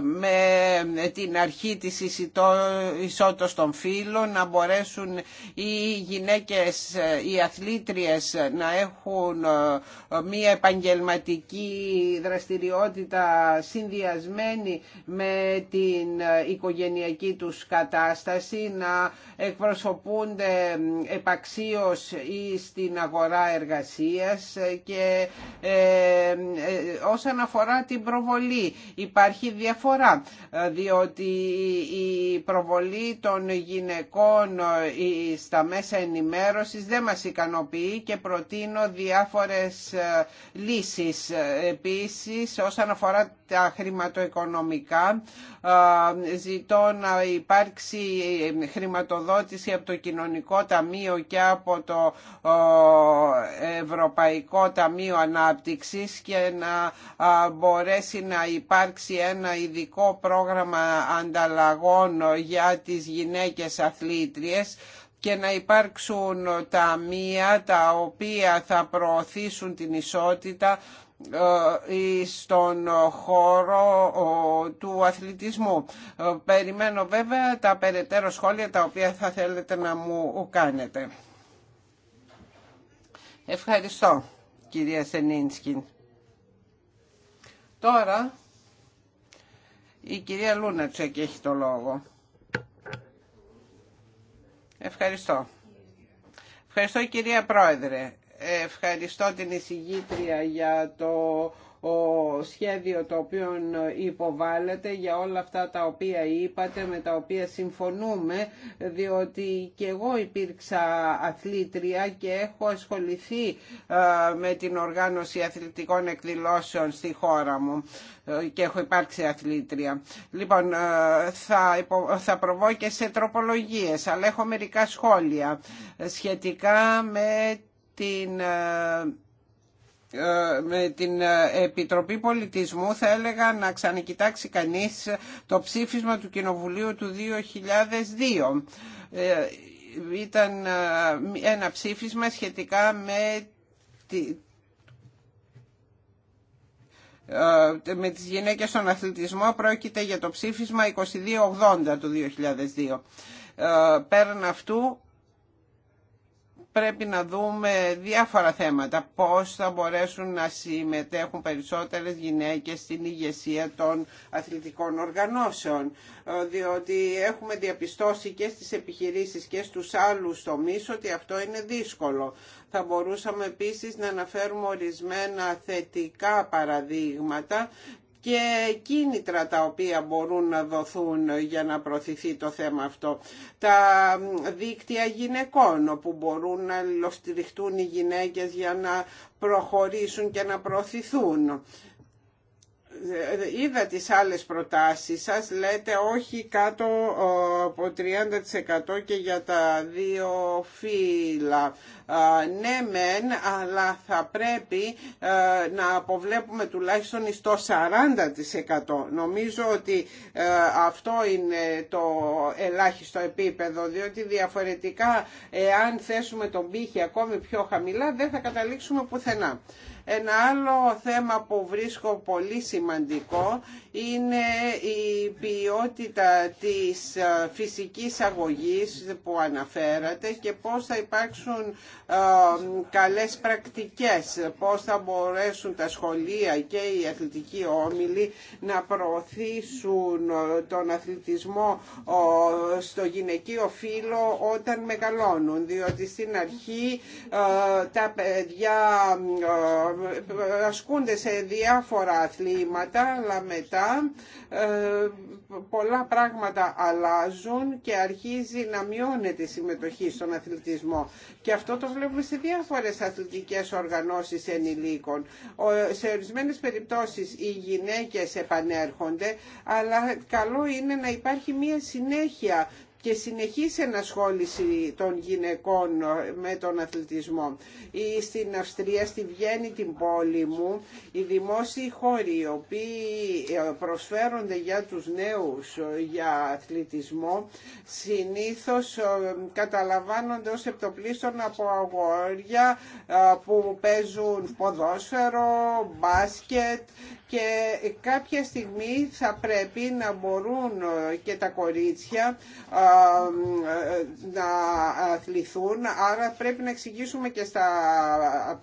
με την αρχή της ισότητας των φύλων, να μπορέσουν οι γυναίκες, ε, οι αθλήτριες να έχουν μια επαγγελματική δραστηριότητα συνδυασμένη με την οικογενειακή τους κατάσταση, να εκπροσωπούνται επαξίως ή στην αγορά εργασίας και ε, ε, όσον αφορά την προβολή υπάρχει διαφορά ε, διότι η προβολή των γυναικών στα μέσα ενημέρωσης δεν μας ικανοποιεί και προτείνω διάφορες λύσεις επίσης όσον αφορά τα χρηματοοικονομικά ζητώ να υπάρξει χρηματοδότηση από το κοινωνικό ταμείο και από το Ευρωπαϊκό Ταμείο Ανάπτυξης και να μπορέσει να υπάρξει ένα ειδικό πρόγραμμα ανταλλαγών για τις γυναίκες αθλήτριες και να υπάρξουν ταμεία τα οποία θα προωθήσουν την ισότητα στον ε, χώρο του αθλητισμού. Ε, περιμένω βέβαια τα περαιτέρω σχόλια τα οποία θα θέλετε να μου κάνετε. Ευχαριστώ, κυρία Σενίνσκιν. Τώρα η κυρία Λούνατσεκ έχει το λόγο. Ευχαριστώ. Ευχαριστώ κυρία Πρόεδρε. Ευχαριστώ την εισηγήτρια για το σχέδιο το οποίο υποβάλλεται για όλα αυτά τα οποία είπατε, με τα οποία συμφωνούμε, διότι και εγώ υπήρξα αθλήτρια και έχω ασχοληθεί με την οργάνωση αθλητικών εκδηλώσεων στη χώρα μου ε, και έχω υπάρξει αθλήτρια. Λοιπόν, ε, θα, θα προβώ και σε τροπολογίες, αλλά έχω μερικά σχόλια σχετικά με την ε, ε, με την ε, Επιτροπή Πολιτισμού θα έλεγα να ξανακοιτάξει κανείς το ψήφισμα του Κοινοβουλίου του 2002. Ε, ήταν ένα ψήφισμα σχετικά με με τις γυναίκες στον αθλητισμό πρόκειται για το ψήφισμα 2280 του 2002. Πέραν αυτού πρέπει να δούμε διάφορα θέματα. Πώς θα μπορέσουν να συμμετέχουν περισσότερες γυναίκες στην ηγεσία των αθλητικών οργανώσεων. Ε, διότι έχουμε διαπιστώσει και στις επιχειρήσεις και στους άλλους τομείς ότι αυτό είναι δύσκολο. Θα μπορούσαμε επίσης να αναφέρουμε ορισμένα θετικά παραδείγματα και κίνητρα τα οποία μπορούν να δοθούν για να προωθηθεί το θέμα αυτό. Τα δίκτυα γυναικών όπου μπορούν να λοστηριχτούν οι γυναίκες για να προχωρήσουν και να προωθηθούν είδα τις άλλες προτάσεις σας, λέτε όχι κάτω από 30% και για τα δύο φύλλα ναι μεν, αλλά θα πρέπει να αποβλέπουμε τουλάχιστον στο 40%. Νομίζω ότι ε, αυτό είναι το ελάχιστο επίπεδο, διότι διαφορετικά εάν θέσουμε τον πύχη ακόμη πιο χαμηλά δεν θα καταλήξουμε πουθενά. Ένα άλλο θέμα που βρίσκω πολύ σημαντικό είναι η ποιότητα της ε, φυσικής αγωγής που αναφέρατε και πώς θα υπάρξουν καλές πρακτικές, πώς θα μπορέσουν τα σχολεία και οι αθλητικοί όμιλοι να προωθήσουν ε, τον αθλητισμό στο γυναικείο φύλλο όταν μεγαλώνουν, διότι στην αρχή ε, τα παιδιά ε, ασκούνται σε διάφορα αθλήματα, αλλά μετά πολλά πράγματα αλλάζουν και αρχίζει να μειώνεται η συμμετοχή στον αθλητισμό. Και αυτό το βλέπουμε σε διάφορες αθλητικές οργανώσεις ενηλίκων. Σε ορισμένε περιπτώσεις οι γυναίκες επανέρχονται, αλλά καλό είναι να υπάρχει μία συνέχεια και συνεχής ενασχόληση των γυναικών ε, με τον αθλητισμό. Ή στην Αυστρία, στη Βιέννη την πόλη μου, οι δημόσιοι χώροι οι οποίοι ε, προσφέρονται για τους νέους ε, για αθλητισμό συνήθως καταλαμβάνονται ως επτοπλίστων από αγόρια που παίζουν ποδόσφαιρο, μπάσκετ και κάποια στιγμή θα πρέπει να μπορούν ε, και τα κορίτσια ε, ε, να αθληθούν. Άρα πρέπει να εξηγήσουμε και στα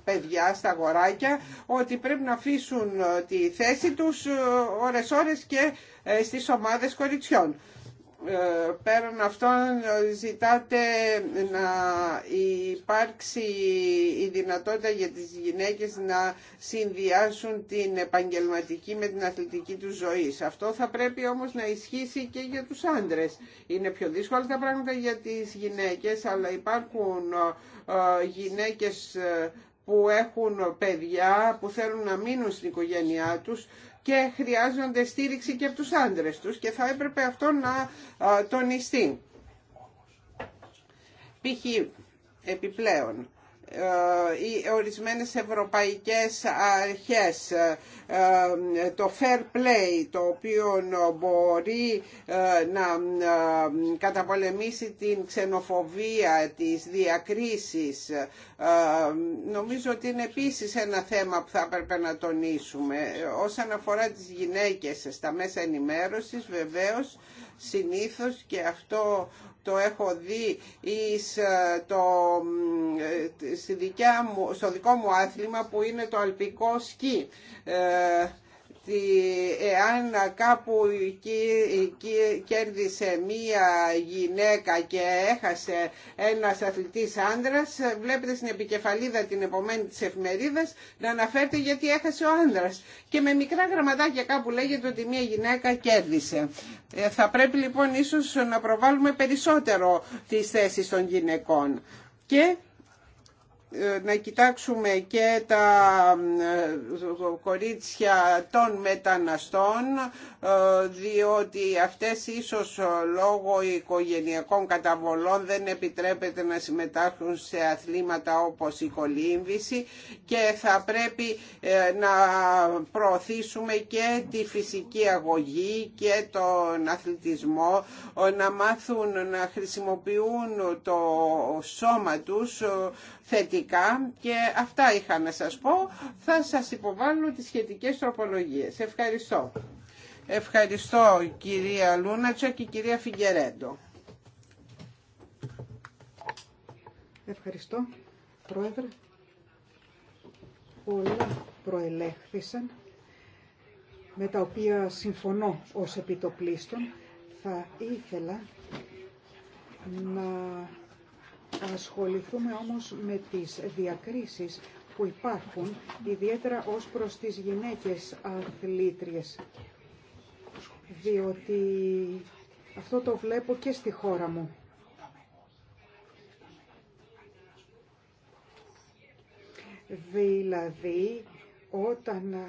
παιδιά, στα αγοράκια, ότι πρέπει να αφήσουν τη θέση τους ώρες-ώρες και στις ομάδες κοριτσιών. Ε, πέραν αυτών ζητάτε να υπάρξει η δυνατότητα για τις γυναίκες να συνδυάσουν την επαγγελματική με την αθλητική του ζωή. Αυτό θα πρέπει όμως να ισχύσει και για τους άντρες. Είναι πιο δύσκολα τα πράγματα για τις γυναίκες, αλλά υπάρχουν ε, γυναίκες ε, που έχουν παιδιά, που θέλουν να μείνουν στην οικογένειά τους και χρειάζονται στήριξη και από τους άντρες τους και θα έπρεπε αυτό να τονιστεί. Π.χ. επιπλέον ε, οι ορισμένες ευρωπαϊκές αρχές ε, ε, το fair play το οποίο μπορεί να καταπολεμήσει την ξενοφοβία τις διακρίσεις νομίζω ότι είναι επίσης ένα θέμα που θα έπρεπε να τονίσουμε όσον αφορά τις γυναίκες στα μέσα ενημέρωσης βεβαίως συνήθως και αυτό το έχω δει ε, το, ε, στη μου, στο δικό μου άθλημα που είναι το αλπικό σκι. Ε, ότι εάν κάπου κέρδισε μία γυναίκα και έχασε ένας αθλητής άντρα, βλέπετε στην επικεφαλίδα την επομένη της εφημερίδας να αναφέρεται γιατί έχασε ο άντρα. Και με μικρά γραμματάκια κάπου λέγεται ότι μία γυναίκα κέρδισε. Ε, θα πρέπει λοιπόν ίσως να προβάλλουμε περισσότερο τις θέσεις των γυναικών. Και ε, να κοιτάξουμε και τα ε, κορίτσια των μεταναστών ε, διότι αυτές ίσως λόγω οικογενειακών καταβολών δεν επιτρέπεται να συμμετάσχουν σε αθλήματα όπως η κολύμβηση και θα πρέπει να προωθήσουμε και τη φυσική αγωγή και τον αθλητισμό να μάθουν να χρησιμοποιούν το σώμα τους θετικά και αυτά είχα να σας πω. Θα σας υποβάλω τις σχετικές τροπολογίες. Ευχαριστώ. Ευχαριστώ κυρία Λούνατσα και κυρία Φιγκερέντο. Ευχαριστώ, Πρόεδρε. Όλα προελέχθησαν, με τα οποία συμφωνώ ως επιτοπλίστων. Θα ήθελα να ασχοληθούμε όμως με τις διακρίσεις που υπάρχουν, ιδιαίτερα ως προς τις γυναίκες αθλήτριες. Διότι αυτό το βλέπω και στη χώρα μου. Δηλαδή, όταν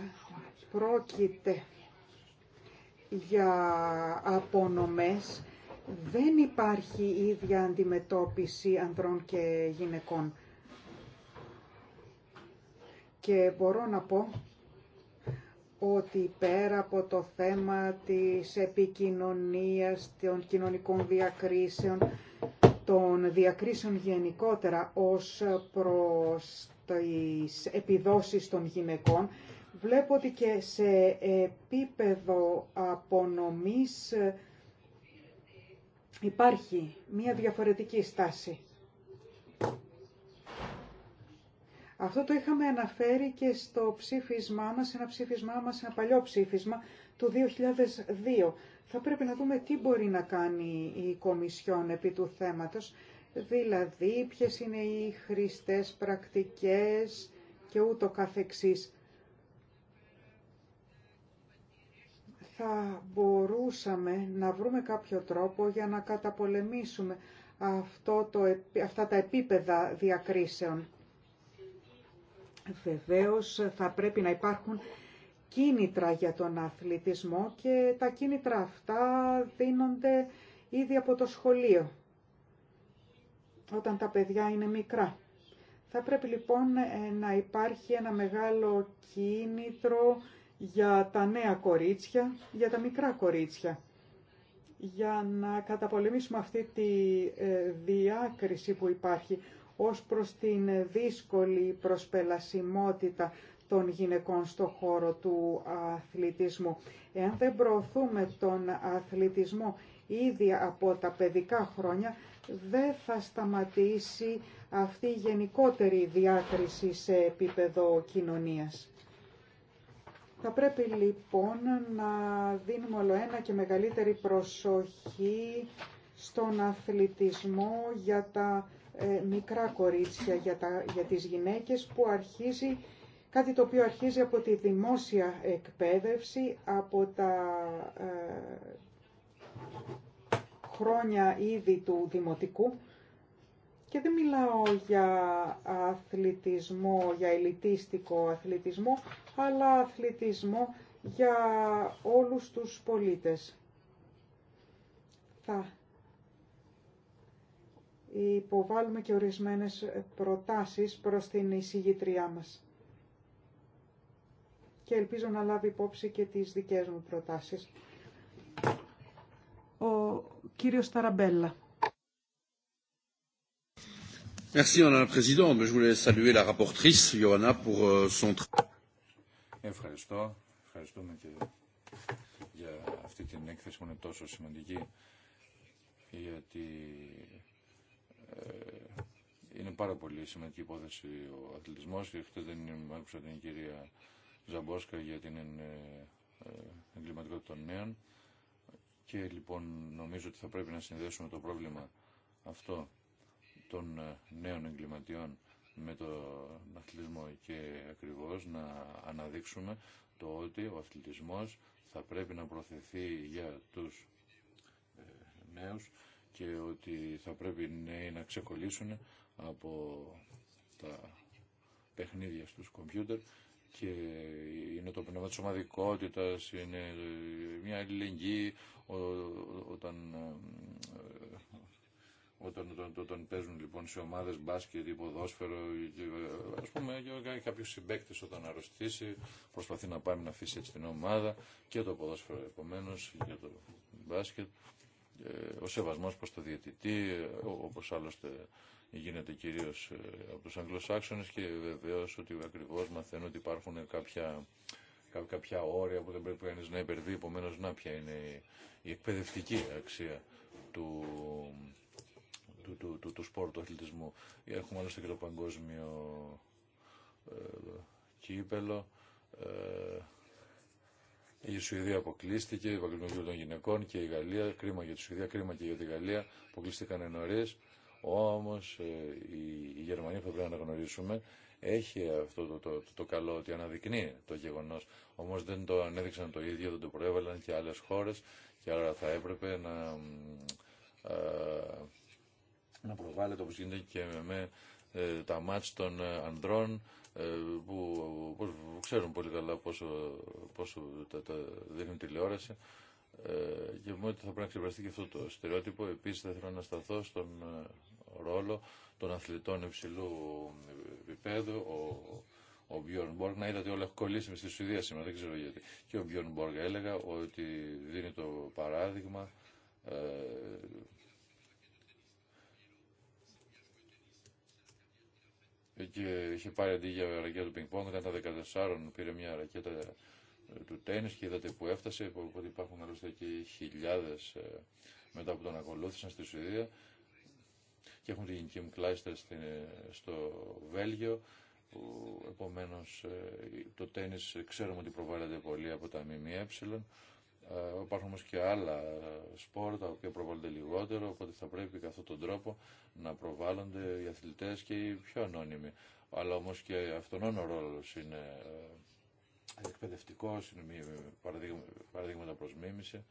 πρόκειται για απονομές, δεν υπάρχει ίδια αντιμετώπιση ανδρών και γυναικών. Και μπορώ να πω ότι πέρα από το θέμα της επικοινωνίας, των κοινωνικών διακρίσεων, των διακρίσεων γενικότερα ως προς τις επιδόσεις των γυναικών, βλέπω ότι και σε επίπεδο απονομής υπάρχει μία διαφορετική στάση. Αυτό το είχαμε αναφέρει και στο ψήφισμά μας, ένα ψήφισμά μας, ένα παλιό ψήφισμα του 2002. Θα πρέπει να δούμε τι μπορεί να κάνει η Κομισιόν επί του θέματος, δηλαδή ποιες είναι οι χρηστές πρακτικές και ούτω καθεξής. θα μπορούσαμε να βρούμε κάποιο τρόπο για να καταπολεμήσουμε αυτό το, αυτά τα επίπεδα διακρίσεων. Βεβαίως θα πρέπει να υπάρχουν κίνητρα για τον αθλητισμό και τα κίνητρα αυτά δίνονται ήδη από το σχολείο, όταν τα παιδιά είναι μικρά. Θα πρέπει λοιπόν ε, να υπάρχει ένα μεγάλο κίνητρο για τα νέα κορίτσια, για τα μικρά κορίτσια. Για να καταπολεμήσουμε αυτή τη ε, διάκριση που υπάρχει ως προς την δύσκολη προσπελασιμότητα των γυναικών στο χώρο του αθλητισμού. Εάν δεν προωθούμε τον αθλητισμό ήδη από τα παιδικά χρόνια, δεν θα σταματήσει αυτή η γενικότερη διάκριση σε επίπεδο κοινωνίας. Θα πρέπει λοιπόν να δίνουμε όλο ένα και μεγαλύτερη προσοχή στον αθλητισμό για τα ε, μικρά κορίτσια, για, τα, για τις γυναίκες που αρχίζει, κάτι το οποίο αρχίζει από τη δημόσια εκπαίδευση, από τα ε, χρόνια ήδη του δημοτικού και δεν μιλάω για αθλητισμό, για ελιτίστικο αθλητισμό, αλλά αθλητισμό για όλους τους πολίτες. Θα υποβάλουμε και ορισμένες προτάσεις προς την εισηγητριά μας. Και ελπίζω να λάβει υπόψη και τις δικές μου προτάσεις. Ο κύριος Ταραμπέλα. Merci, Madame la Présidente. Je voulais saluer la euh, Ευχαριστώ. Ευχαριστούμε και για αυτή την έκθεση που είναι τόσο σημαντική. Γιατί ε, είναι πάρα πολύ σημαντική υπόθεση ο αθλητισμός και χθε δεν άκουσα την κυρία Ζαμπόσκα για την ε, ε, εγκληματικότητα των νέων και λοιπόν νομίζω ότι θα πρέπει να συνδέσουμε το πρόβλημα αυτό των ε, νέων εγκληματιών με τον αθλητισμό και ακριβώς να αναδείξουμε το ότι ο αθλητισμός θα πρέπει να προθεθεί για τους ε, νέους και ότι θα πρέπει οι νέοι να ξεκολλήσουν από τα παιχνίδια στους κομπιούτερ και είναι το πνεύμα της ομαδικότητας, είναι μια αλληλεγγύη όταν ε, όταν τον, τον, τον παίζουν λοιπόν σε ομάδες μπάσκετ, ή ποδόσφαιρο ας πούμε κάποιος συμπέκτη όταν αρρωστήσει, προσπαθεί να πάει να αφήσει έτσι την ομάδα και το ποδόσφαιρο επομένω και το μπάσκετ. Ε, ο σεβασμός προς το διαιτητή, ε, όπως άλλωστε γίνεται κυρίως ε, από τους Αγγλοσάξονες και βεβαίως ότι ακριβώς μαθαίνουν ότι υπάρχουν κάποια κάποια όρια που δεν πρέπει κανεί να υπερβεί, επομένως να ποια είναι η εκπαιδευτική αξία του, του, του, του, του σπόρου του αθλητισμού. Έχουμε άλλωστε και το παγκόσμιο ε, κύπελο. Ε, η Σουηδία αποκλείστηκε, η Παγκοσμίου των Γυναικών και η Γαλλία. Κρίμα για τη Σουηδία, κρίμα και για τη Γαλλία. Αποκλείστηκαν νωρί. Όμω ε, η, Γερμανία που πρέπει να αναγνωρίσουμε έχει αυτό το, το, το, καλό ότι αναδεικνύει το γεγονό. Όμω δεν το ανέδειξαν το ίδιο, δεν το προέβαλαν και άλλε χώρε. Και άρα θα έπρεπε να. Ε, να προβάλλεται όπως γίνεται και με ε, τα μάτς των ε, ανδρών ε, που ξέρουν πολύ καλά πόσο, πόσο τα, τα τηλεόραση και μου ότι θα πρέπει να ξεπεραστεί και αυτό το στερεότυπο. Επίσης θα ήθελα να σταθώ στον ρόλο των αθλητών υψηλού επίπεδου, ο, ο Μπιόρν Να είδατε όλα έχουν κολλήσει με στη Σουηδία σήμερα, δεν ξέρω γιατί. Και ο Μπιόρν Μπόργ έλεγα ότι δίνει το παράδειγμα είχε πάρει αντί για ρακέτα του πινκ-πονγκ, ήταν τα 14, πήρε μια ρακέτα ε, του τέννις και είδατε που έφτασε, οπότε υπάρχουν άλλωστε και χιλιάδες ε, μετά που τον ακολούθησαν στη Σουηδία και έχουν την Kim Kleister ε, στο Βέλγιο, που επομένως το τέννις ξέρουμε ότι προβάλλεται πολύ από τα ΜΜΕ ε, υπάρχουν όμω και άλλα σπορτα, τα οποία προβάλλονται λιγότερο, οπότε θα πρέπει καθ' αυτόν τον τρόπο να προβάλλονται οι αθλητέ και οι πιο ανώνυμοι. Αλλά όμω και αυτόν ο ρόλο είναι ε, εκπαιδευτικό, είναι παραδείγματα προ μίμηση.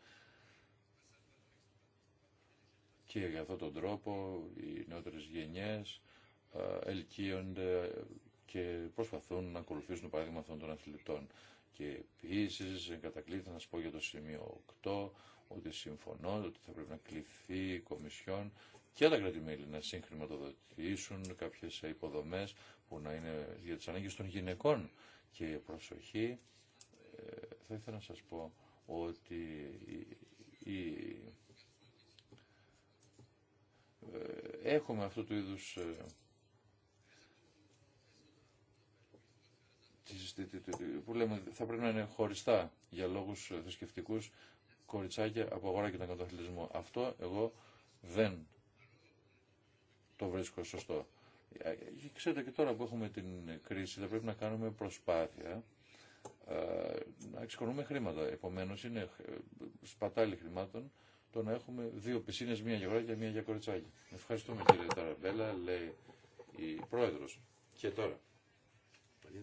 Και για αυτόν τον τρόπο οι νεότερε γενιέ ε, ελκύονται και προσπαθούν να ακολουθήσουν το παράδειγμα αυτών των αθλητών. Και επίση, κατακλείδη να σα πω για το σημείο 8, ότι συμφωνώ ότι θα πρέπει να κληθεί η Κομισιόν και τα κρατημέλη να συγχρηματοδοτήσουν κάποιε υποδομέ που να είναι για τι ανάγκε των γυναικών. Και προσοχή, ε, θα ήθελα να σα πω ότι ε, έχουμε αυτού του είδους ε, που λέμε θα πρέπει να είναι χωριστά για λόγους θρησκευτικού κοριτσάκια από αγορά και τον καταθλιτισμό. Αυτό εγώ δεν το βρίσκω σωστό. Ε, ε, ξέρετε και τώρα που έχουμε την κρίση θα πρέπει να κάνουμε προσπάθεια ε, να εξοικονομούμε χρήματα. Επομένως είναι σπατάλη χρημάτων το να έχουμε δύο πισίνες, μία για αγορά και μία για κοριτσάκια. Ευχαριστούμε κύριε Ταραμπέλα, λέει η πρόεδρος. Και τώρα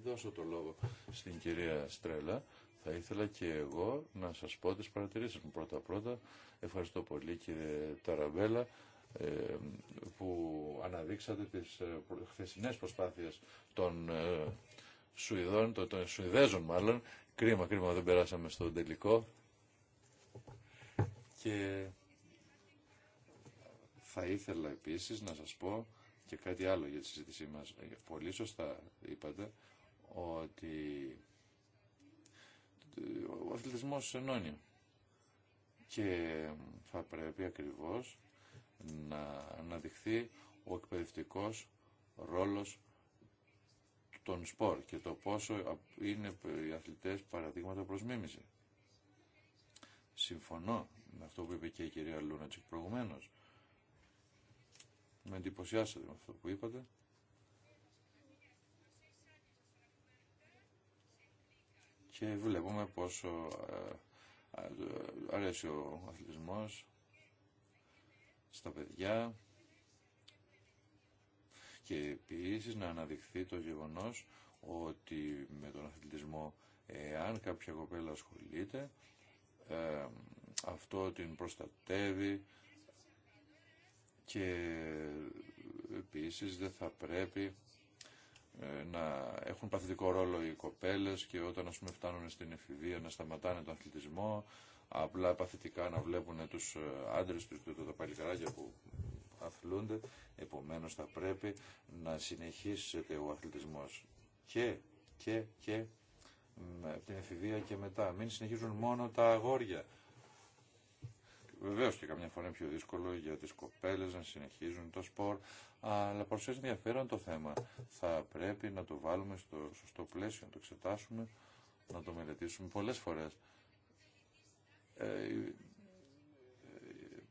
δώσω το λόγο στην κυρία Στρέλα, θα ήθελα και εγώ να σας πω τις παρατηρήσεις μου πρώτα-πρώτα. Ευχαριστώ πολύ κύριε Ταραμπέλα ε, που αναδείξατε τις ε, χθεσινές προσπάθειες των ε, Σουηδών, των Σουηδέζων μάλλον. Κρίμα, κρίμα, δεν περάσαμε στο τελικό. Και θα ήθελα επίσης να σας πω και κάτι άλλο για τη συζήτησή μας. Πολύ σωστά είπατε ότι ο αθλητισμός ενώνει και θα πρέπει ακριβώς να αναδειχθεί ο εκπαιδευτικός ρόλος των σπορ και το πόσο είναι οι αθλητές παραδείγματα προς μίμηση. Συμφωνώ με αυτό που είπε και η κυρία Λούνατσικ προηγουμένως. Με εντυπωσιάσατε με αυτό που είπατε. και βλέπουμε πόσο ε, ε, αρέσει ο αθλητισμός στα παιδιά και επίσης να αναδειχθεί το γεγονός ότι με τον αθλητισμό εάν κάποια κοπέλα ασχολείται ε, αυτό την προστατεύει και επίσης δεν θα πρέπει ε, να έχουν παθητικό ρόλο οι κοπέλες και όταν ας πούμε φτάνουν στην εφηβεία να σταματάνε τον αθλητισμό, απλά παθητικά να βλέπουν τους ε, άντρες, τους, τα παλικαράκια που αθλούνται, επομένως θα πρέπει να συνεχίσετε ο αθλητισμός και, και, και από την εφηβεία και μετά. Μην συνεχίζουν μόνο τα αγόρια Βεβαίω και καμιά φορά είναι πιο δύσκολο για τι κοπέλε να συνεχίζουν το σπορ, αλλά παρουσιάζει ενδιαφέρον το θέμα. Θα πρέπει να το βάλουμε στο σωστό πλαίσιο, να το εξετάσουμε, να το μελετήσουμε πολλέ φορέ. Ε, ε,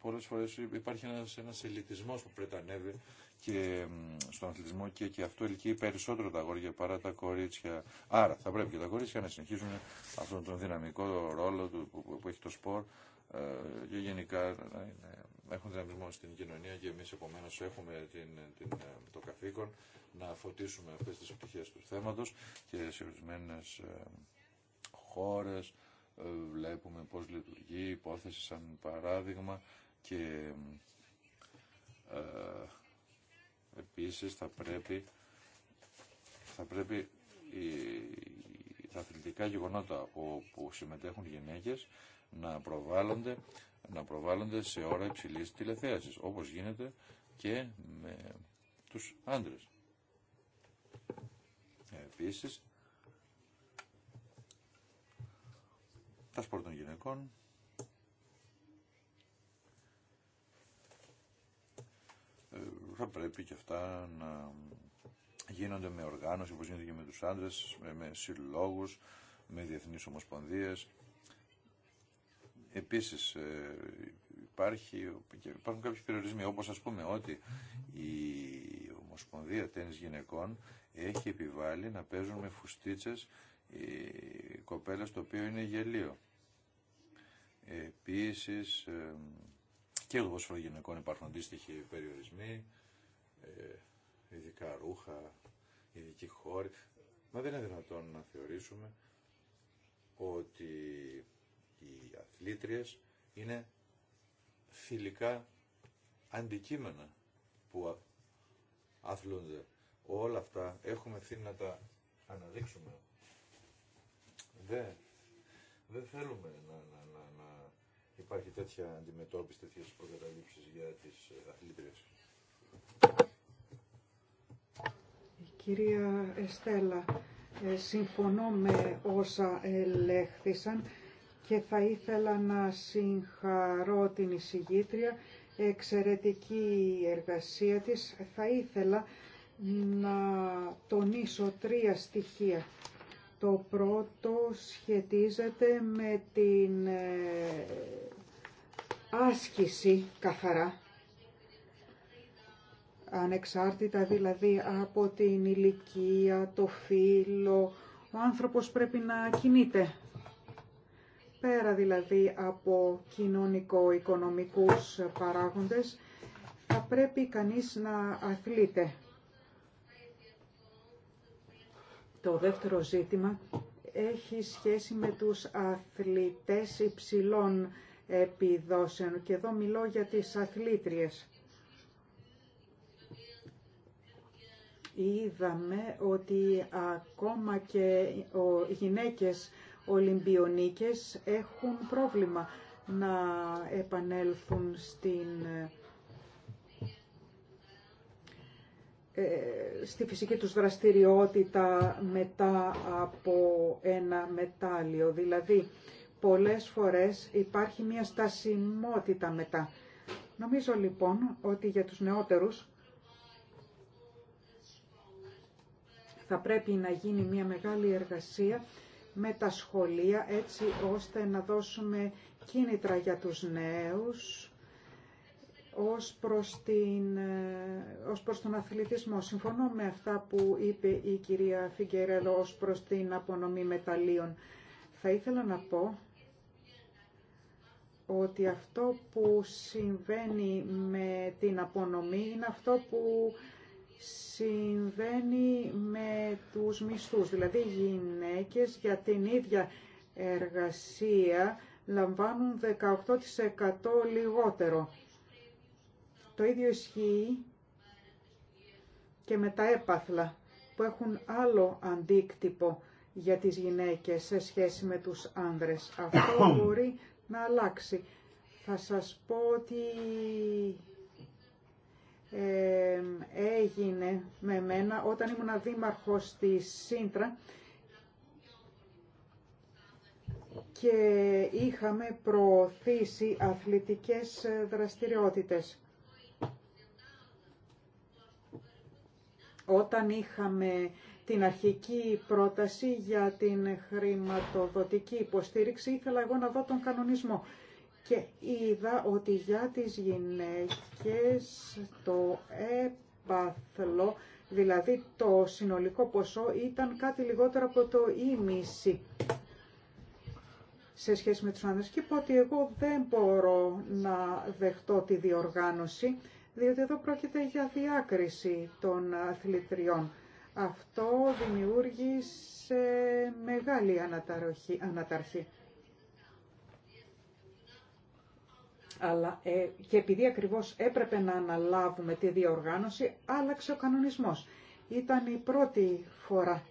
πολλές φορές υπάρχει ένας, ένας ελιτισμός που πρέπει ανέβει και στον αθλητισμό και, και αυτό ελκύει περισσότερο τα αγόρια παρά τα κορίτσια. Άρα θα πρέπει και τα κορίτσια να συνεχίζουν αυτόν τον δυναμικό ρόλο του, που, που έχει το σπορ ε, και γενικά έχουν δυναμισμό στην κοινωνία και εμείς επομένως έχουμε την, ε, το καθήκον να φωτίσουμε αυτές τις πτυχές του θέματος και σε ορισμένε ε, χώρες βλέπουμε πώς λειτουργεί η υπόθεση σαν παράδειγμα και ε, επίσης θα πρέπει θα πρέπει τα αθλητικά γεγονότα που συμμετέχουν γυναίκες να προβάλλονται, να προβάλλονται σε ώρα υψηλή τηλεθέασης, όπως γίνεται και με τους άντρες. Επίσης, τα σπορ των γυναικών ε, θα πρέπει και αυτά να γίνονται με οργάνωση όπως γίνεται και με τους άντρες, με συλλόγους, με διεθνείς ομοσπονδίες Επίσης ε, υπάρχει, υπάρχουν κάποιοι περιορισμοί, όπως ας πούμε ότι η Ομοσπονδία Τέννης Γυναικών έχει επιβάλει να παίζουν με φουστίτσες οι κοπέλες το οποίο είναι γελίο. Επίσης ε, και ο ποσφαίρο γυναικών υπάρχουν αντίστοιχοι περιορισμοί, ε, ειδικά ρούχα, ειδικοί χώροι. Μα δεν είναι δυνατόν να θεωρήσουμε ότι οι αθλήτριες είναι φιλικά αντικείμενα που αθλούνται. Όλα αυτά έχουμε ευθύνη να τα αναδείξουμε. Δεν, θέλουμε να, να, να, να υπάρχει τέτοια αντιμετώπιση, τέτοιες προκαταλήψεις για τις ε, αθλήτριες. Κυρία Εστέλα, ε, συμφωνώ με όσα ελέγχθησαν και θα ήθελα να συγχαρώ την εισηγήτρια, εξαιρετική εργασία της. Θα ήθελα να τονίσω τρία στοιχεία. Το πρώτο σχετίζεται με την ε, άσκηση καθαρά, ανεξάρτητα δηλαδή από την ηλικία, το φύλλο, ο άνθρωπος πρέπει να κινείται πέρα δηλαδή από κοινωνικο-οικονομικούς παράγοντες, θα πρέπει κανείς να αθλείται. Το δεύτερο ζήτημα έχει σχέση με τους αθλητές υψηλών επιδόσεων και εδώ μιλώ για τις αθλήτριες. Είδαμε ότι ακόμα και οι γυναίκες Ολυμπιονίκες έχουν πρόβλημα να επανέλθουν στην, ε, στη φυσική τους δραστηριότητα μετά από ένα μετάλλιο. Δηλαδή, πολλές φορές υπάρχει μια στασιμότητα μετά. Νομίζω λοιπόν ότι για τους νεότερους θα πρέπει να γίνει μια μεγάλη εργασία με τα σχολεία έτσι ώστε να δώσουμε κίνητρα για τους νέους ως προς, την, ε, ως προς τον αθλητισμό. Συμφωνώ με αυτά που είπε η κυρία Φιγκερέλο ως προς την απονομή μεταλλίων. Θα ήθελα να πω ότι αυτό που συμβαίνει με την απονομή είναι αυτό που συμβαίνει με τους μισθούς. Δηλαδή οι γυναίκες για την ίδια εργασία λαμβάνουν 18% λιγότερο. Το ίδιο ισχύει και με τα έπαθλα που έχουν άλλο αντίκτυπο για τις γυναίκες σε σχέση με τους άνδρες. Αυτό μπορεί να αλλάξει. Θα σας πω ότι έγινε με μένα όταν ήμουν δήμαρχος της Σύντρα και είχαμε προωθήσει αθλητικές δραστηριότητες. Όταν είχαμε την αρχική πρόταση για την χρηματοδοτική υποστήριξη, ήθελα εγώ να δω τον κανονισμό και είδα ότι για τις γυναίκες το έπαθλο, δηλαδή το συνολικό ποσό ήταν κάτι λιγότερο από το ίμιση σε σχέση με τους άνδρες και είπα ότι εγώ δεν μπορώ να δεχτώ τη διοργάνωση διότι εδώ πρόκειται για διάκριση των αθλητριών. Αυτό δημιούργησε μεγάλη αναταρχή. αλλά ε, και επειδή ακριβώς έπρεπε να αναλάβουμε τη διοργάνωση, άλλαξε ο κανονισμός. Ήταν η πρώτη φορά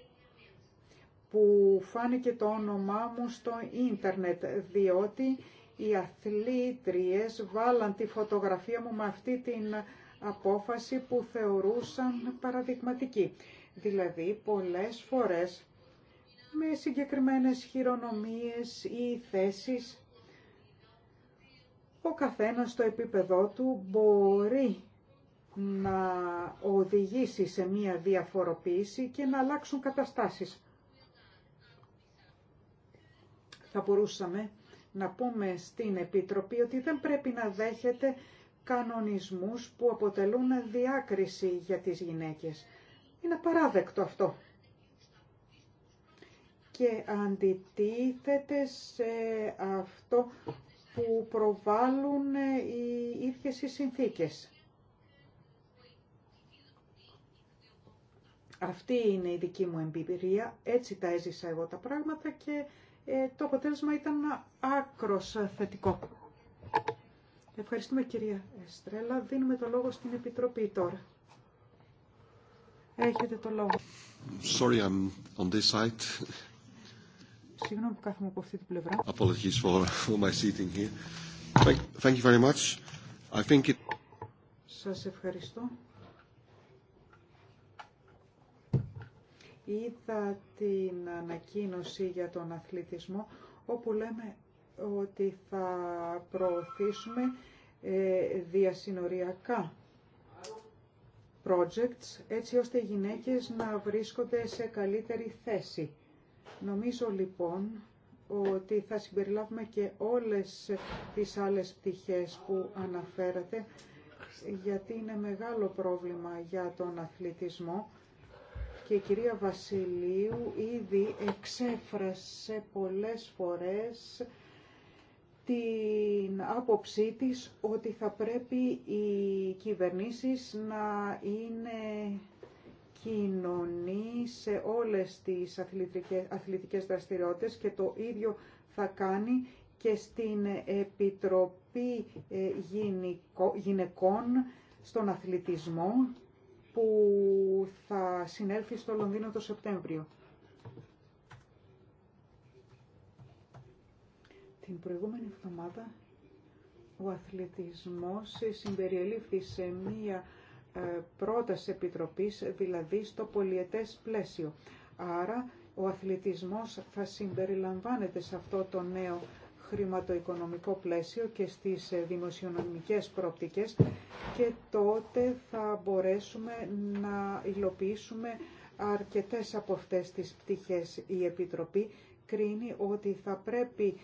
που φάνηκε το όνομά μου στο ίντερνετ, διότι οι αθλήτριες βάλαν τη φωτογραφία μου με αυτή την απόφαση που θεωρούσαν παραδειγματική. Δηλαδή, πολλές φορές με συγκεκριμένες χειρονομίες ή θέσεις ο καθένας στο επίπεδό του μπορεί να οδηγήσει σε μία διαφοροποίηση και να αλλάξουν καταστάσεις. Θα μπορούσαμε να πούμε στην Επιτροπή ότι δεν πρέπει να δέχεται κανονισμούς που αποτελούν διάκριση για τις γυναίκες. Είναι παράδεκτο αυτό. Και αντιτίθεται σε αυτό που προβάλλουν ε, οι ίδιες οι συνθήκες. Αυτή είναι η δική μου εμπειρία, έτσι τα έζησα εγώ τα πράγματα και ε, το αποτέλεσμα ήταν άκρος θετικό. Ευχαριστούμε κυρία Στρέλα Δίνουμε το λόγο στην Επιτροπή τώρα. Έχετε το λόγο. Sorry, on this side. Συγγνώμη που κάθομαι από αυτή την πλευρά. Apologies for, for my seating here. Thank, thank you very much. I think it... Σας ευχαριστώ. Είδα την ανακοίνωση για τον αθλητισμό όπου λέμε ότι θα προωθήσουμε ε, διασυνοριακά projects έτσι ώστε οι γυναίκες να βρίσκονται σε καλύτερη θέση Νομίζω λοιπόν ότι θα συμπεριλάβουμε και όλες τις άλλες πτυχές που αναφέρατε, γιατί είναι μεγάλο πρόβλημα για τον αθλητισμό και η κυρία Βασιλείου ήδη εξέφρασε πολλές φορές την άποψή της ότι θα πρέπει οι κυβερνήσεις να είναι κοινωνεί σε όλες τις αθλητικές, αθλητικές δραστηριότητες και το ίδιο θα κάνει και στην Επιτροπή ε, Γυναικών στον Αθλητισμό που θα συνέλθει στο Λονδίνο το Σεπτέμβριο. Την προηγούμενη εβδομάδα ο αθλητισμός συμπεριελήφθη σε μία ε, πρώτας Επιτροπής, δηλαδή στο πολιετές πλαίσιο. Άρα ο αθλητισμός θα συμπεριλαμβάνεται σε αυτό το νέο χρηματοοικονομικό πλαίσιο και στις ε, δημοσιονομικές πρόπτικες και τότε θα μπορέσουμε να υλοποιήσουμε αρκετές από αυτές τις πτυχές. Η Επιτροπή κρίνει ότι θα πρέπει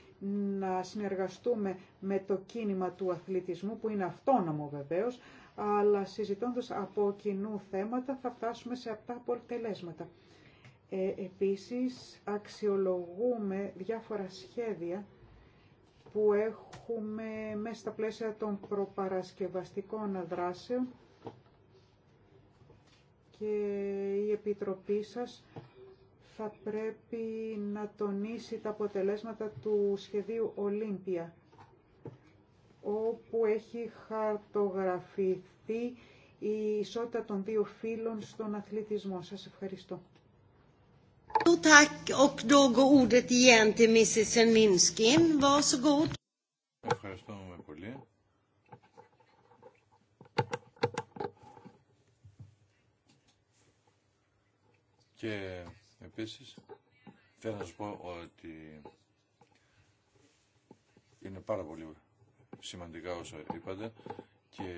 να συνεργαστούμε με το κίνημα του αθλητισμού που είναι αυτόνομο βεβαίως, αλλά συζητώντας από κοινού θέματα θα φτάσουμε σε αυτά αποτελέσματα. Ε, επίσης, αξιολογούμε διάφορα σχέδια που έχουμε μέσα στα πλαίσια των προπαρασκευαστικών δράσεων και η Επιτροπή σας θα πρέπει να τονίσει τα αποτελέσματα του σχεδίου Ολύμπια όπου έχει χαρτογραφηθεί η ισότητα των δύο φίλων στον αθλητισμό. Σας ευχαριστώ. Ευχαριστούμε πολύ. Και επίσης θέλω να σας πω ότι είναι πάρα πολύ σημαντικά όσα είπατε και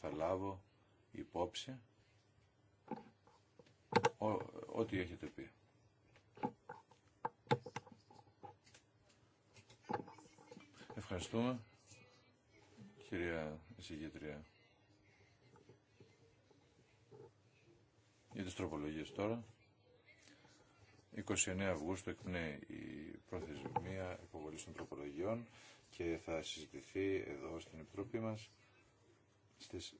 θα λάβω υπόψη ό,τι έχετε πει. Ευχαριστούμε, κυρία εισηγήτρια. Για τις τροπολογίες τώρα. 29 Αυγούστου εκπνέει η προθεσμία υποβολής των τροπολογιών και θα συζητηθεί εδώ στην Επιτροπή μας στις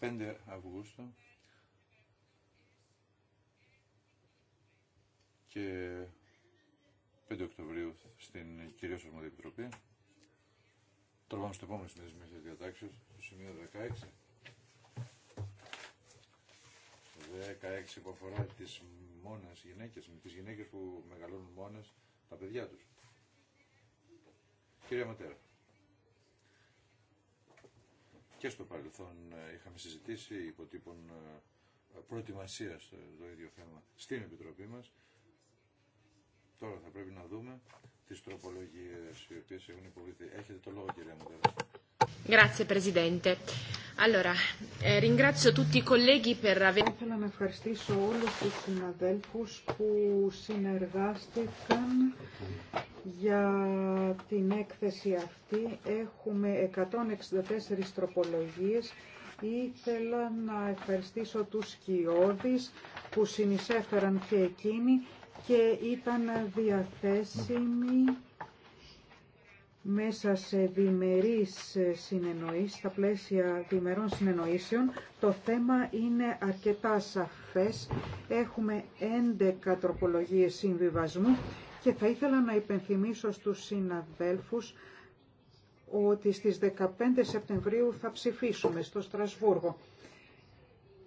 15 Αυγούστου και 5 Οκτωβρίου στην κυρία Σορμοδία Επιτροπή. Τώρα πάμε στο επόμενο σημείο της διατάξεως, το σημείο 16. 16 που αφορά τις μόνες γυναίκες, τις γυναίκες που μεγαλώνουν μόνες τα παιδιά τους. Κυρία Ματέρα. Και στο παρελθόν ε, είχαμε συζητήσει υποτύπων ε, προετοιμασία το ίδιο θέμα στην Επιτροπή μας. Τώρα θα πρέπει να δούμε τις τροπολογίες οι οποίες έχουν υποβληθεί. Έχετε το λόγο κυρία Ματέρα. Grazie Presidente. Allora, eh, ringrazio tutti i colleghi per aver... να ευχαριστήσω όλους τους συναδέλφους που συνεργάστηκαν για την έκθεση αυτή έχουμε 164 τροπολογίες. Ήθελα να ευχαριστήσω τους σκιώδεις που συνεισέφεραν και εκείνοι και ήταν διαθέσιμοι μέσα σε διμερείς συνεννοήσεις, στα πλαίσια διμερών συνεννοήσεων. Το θέμα είναι αρκετά σαφές. Έχουμε 11 τροπολογίες συμβιβασμού και θα ήθελα να υπενθυμίσω στους συναδέλφους ότι στις 15 Σεπτεμβρίου θα ψηφίσουμε στο Στρασβούργο.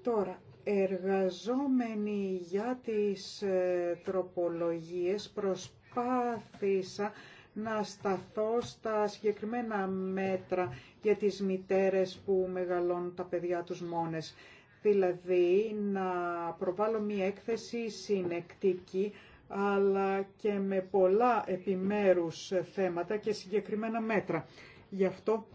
Τώρα, εργαζόμενοι για τις ε, τροπολογίες προσπάθησα να σταθώ στα συγκεκριμένα μέτρα για τις μητέρες που μεγαλώνουν τα παιδιά τους μόνες. Δηλαδή να προβάλλω μία έκθεση συνεκτική αλλά και με πολλά επιμέρους θέματα και συγκεκριμένα μέτρα. Γι' αυτό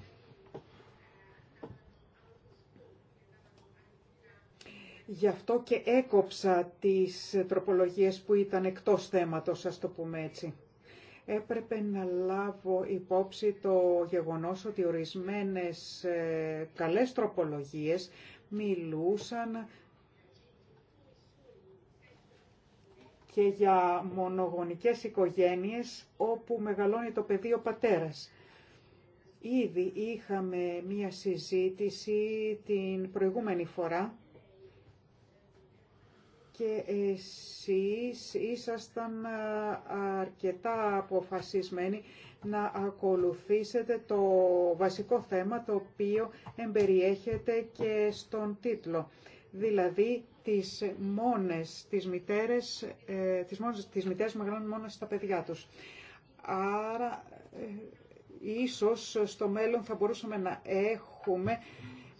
Γι' αυτό και έκοψα τις τροπολογίες που ήταν εκτός θέματος, ας το πούμε έτσι. Έπρεπε να λάβω υπόψη το γεγονός ότι ορισμένες ε, καλές τροπολογίες μιλούσαν και για μονογονικές οικογένειες όπου μεγαλώνει το παιδί ο πατέρας. Ήδη είχαμε μία συζήτηση την προηγούμενη φορά και εσείς ήσασταν αρκετά αποφασισμένοι να ακολουθήσετε το βασικό θέμα το οποίο εμπεριέχεται και στον τίτλο, δηλαδή τις μόνες, τις μητέρες, ε, τις, μόνες, τις μητέρες μεγαλώνουν μόνο στα παιδιά τους. Άρα, ε, ίσως στο μέλλον θα μπορούσαμε να έχουμε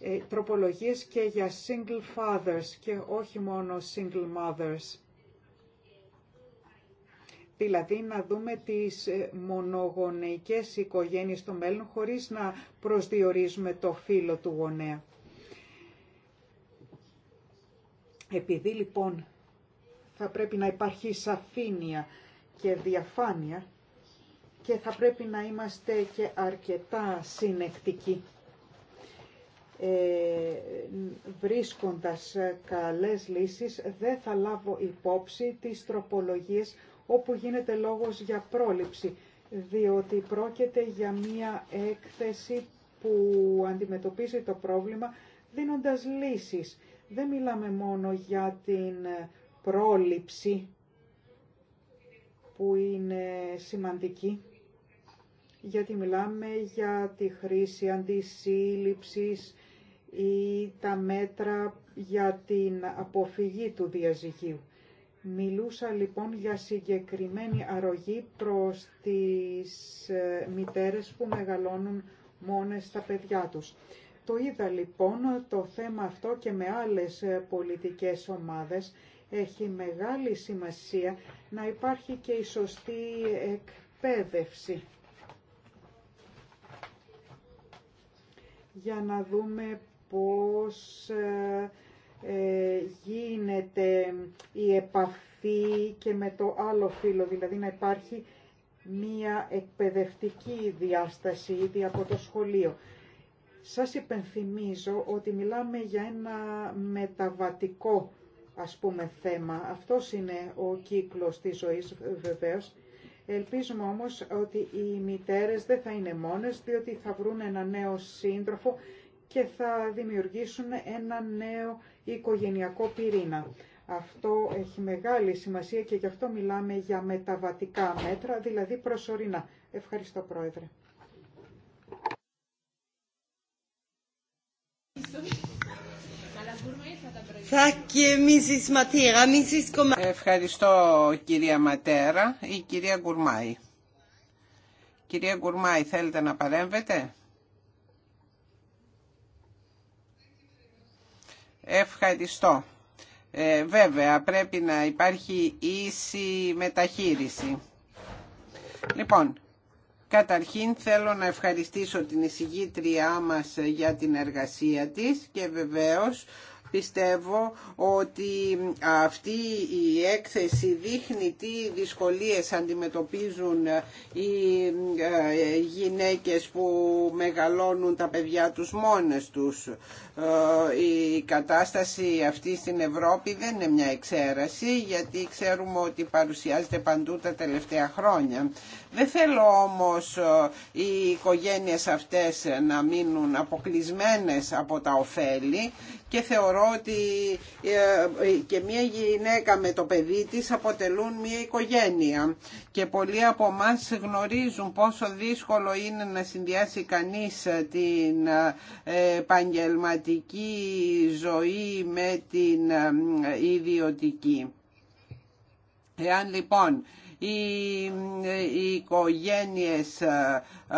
ε, τροπολογίες και για single fathers και όχι μόνο single mothers. Δηλαδή να δούμε τις ε, μονογονεϊκές οικογένειες στο μέλλον χωρίς να προσδιορίζουμε το φύλλο του γονέα. Επειδή λοιπόν θα πρέπει να υπάρχει σαφήνεια και διαφάνεια και θα πρέπει να είμαστε και αρκετά συνεκτικοί ε, βρίσκοντας καλές λύσεις δεν θα λάβω υπόψη τις τροπολογίες όπου γίνεται λόγος για πρόληψη διότι πρόκειται για μία έκθεση που αντιμετωπίζει το πρόβλημα δίνοντας λύσεις δεν μιλάμε μόνο για την πρόληψη που είναι σημαντική, γιατί μιλάμε για τη χρήση αντισύλληψης ή τα μέτρα για την αποφυγή του διαζυγίου. Μιλούσα λοιπόν για συγκεκριμένη αρρωγή προς τις ε, μητέρες που μεγαλώνουν μόνες τα παιδιά τους. Το είδα λοιπόν το θέμα αυτό και με άλλες ε, πολιτικές ομάδες. Έχει μεγάλη σημασία να υπάρχει και η σωστή εκπαίδευση. Για να δούμε πώς ε, ε, γίνεται η επαφή και με το άλλο φύλλο, δηλαδή να υπάρχει μία εκπαιδευτική διάσταση ήδη από το σχολείο. Σας υπενθυμίζω ότι μιλάμε για ένα μεταβατικό ας πούμε θέμα. Αυτός είναι ο κύκλος της ζωής βεβαίως. Ελπίζουμε όμως ότι οι μητέρες δεν θα είναι μόνες, διότι θα βρουν ένα νέο σύντροφο και θα δημιουργήσουν ένα νέο οικογενειακό πυρήνα. Αυτό έχει μεγάλη σημασία και γι' αυτό μιλάμε για μεταβατικά μέτρα, δηλαδή προσωρινά. Ευχαριστώ Πρόεδρε. Ευχαριστώ κυρία Ματέρα ή κυρία Γκουρμάη. Κυρία Γκουρμάη θέλετε να παρέμβετε. Ευχαριστώ. Ε, βέβαια πρέπει να υπάρχει ίση μεταχείριση. Λοιπόν, Καταρχήν θέλω να ευχαριστήσω την εισηγήτριά μας για την εργασία της και βεβαίως πιστεύω ότι αυτή η έκθεση δείχνει τι δυσκολίες αντιμετωπίζουν οι ε, ε, γυναίκες που μεγαλώνουν τα παιδιά τους μόνες τους. Ε, η κατάσταση αυτή στην Ευρώπη δεν είναι μια εξαίρεση γιατί ξέρουμε ότι παρουσιάζεται παντού τα τελευταία χρόνια. Δεν θέλω όμως ε, οι οικογένειες αυτές να μείνουν αποκλεισμένες από τα ωφέλη και θεωρώ ότι ε, και μια γυναίκα με το παιδί της αποτελούν μια οικογένεια και πολλοί από εμά γνωρίζουν πόσο δύσκολο είναι να συνδυάσει κανείς την επαγγελματική επαγγελματική ζωή με την ε, ε, ιδιωτική. Εάν λοιπόν ε, οι οικογένειες ε, ε,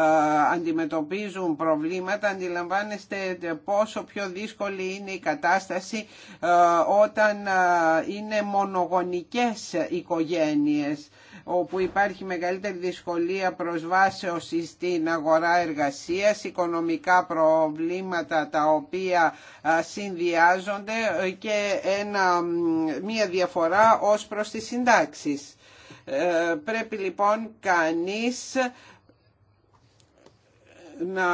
αντιμετωπίζουν προβλήματα, αντιλαμβάνεστε πόσο πιο δύσκολη είναι η κατάσταση όταν είναι μονογονικές οικογένειες όπου υπάρχει μεγαλύτερη δυσκολία προσβάσεως στην αγορά εργασίας, οικονομικά προβλήματα τα οποία συνδυάζονται και ένα, μια διαφορά ως προς τις συντάξεις. Ε, πρέπει λοιπόν κανείς να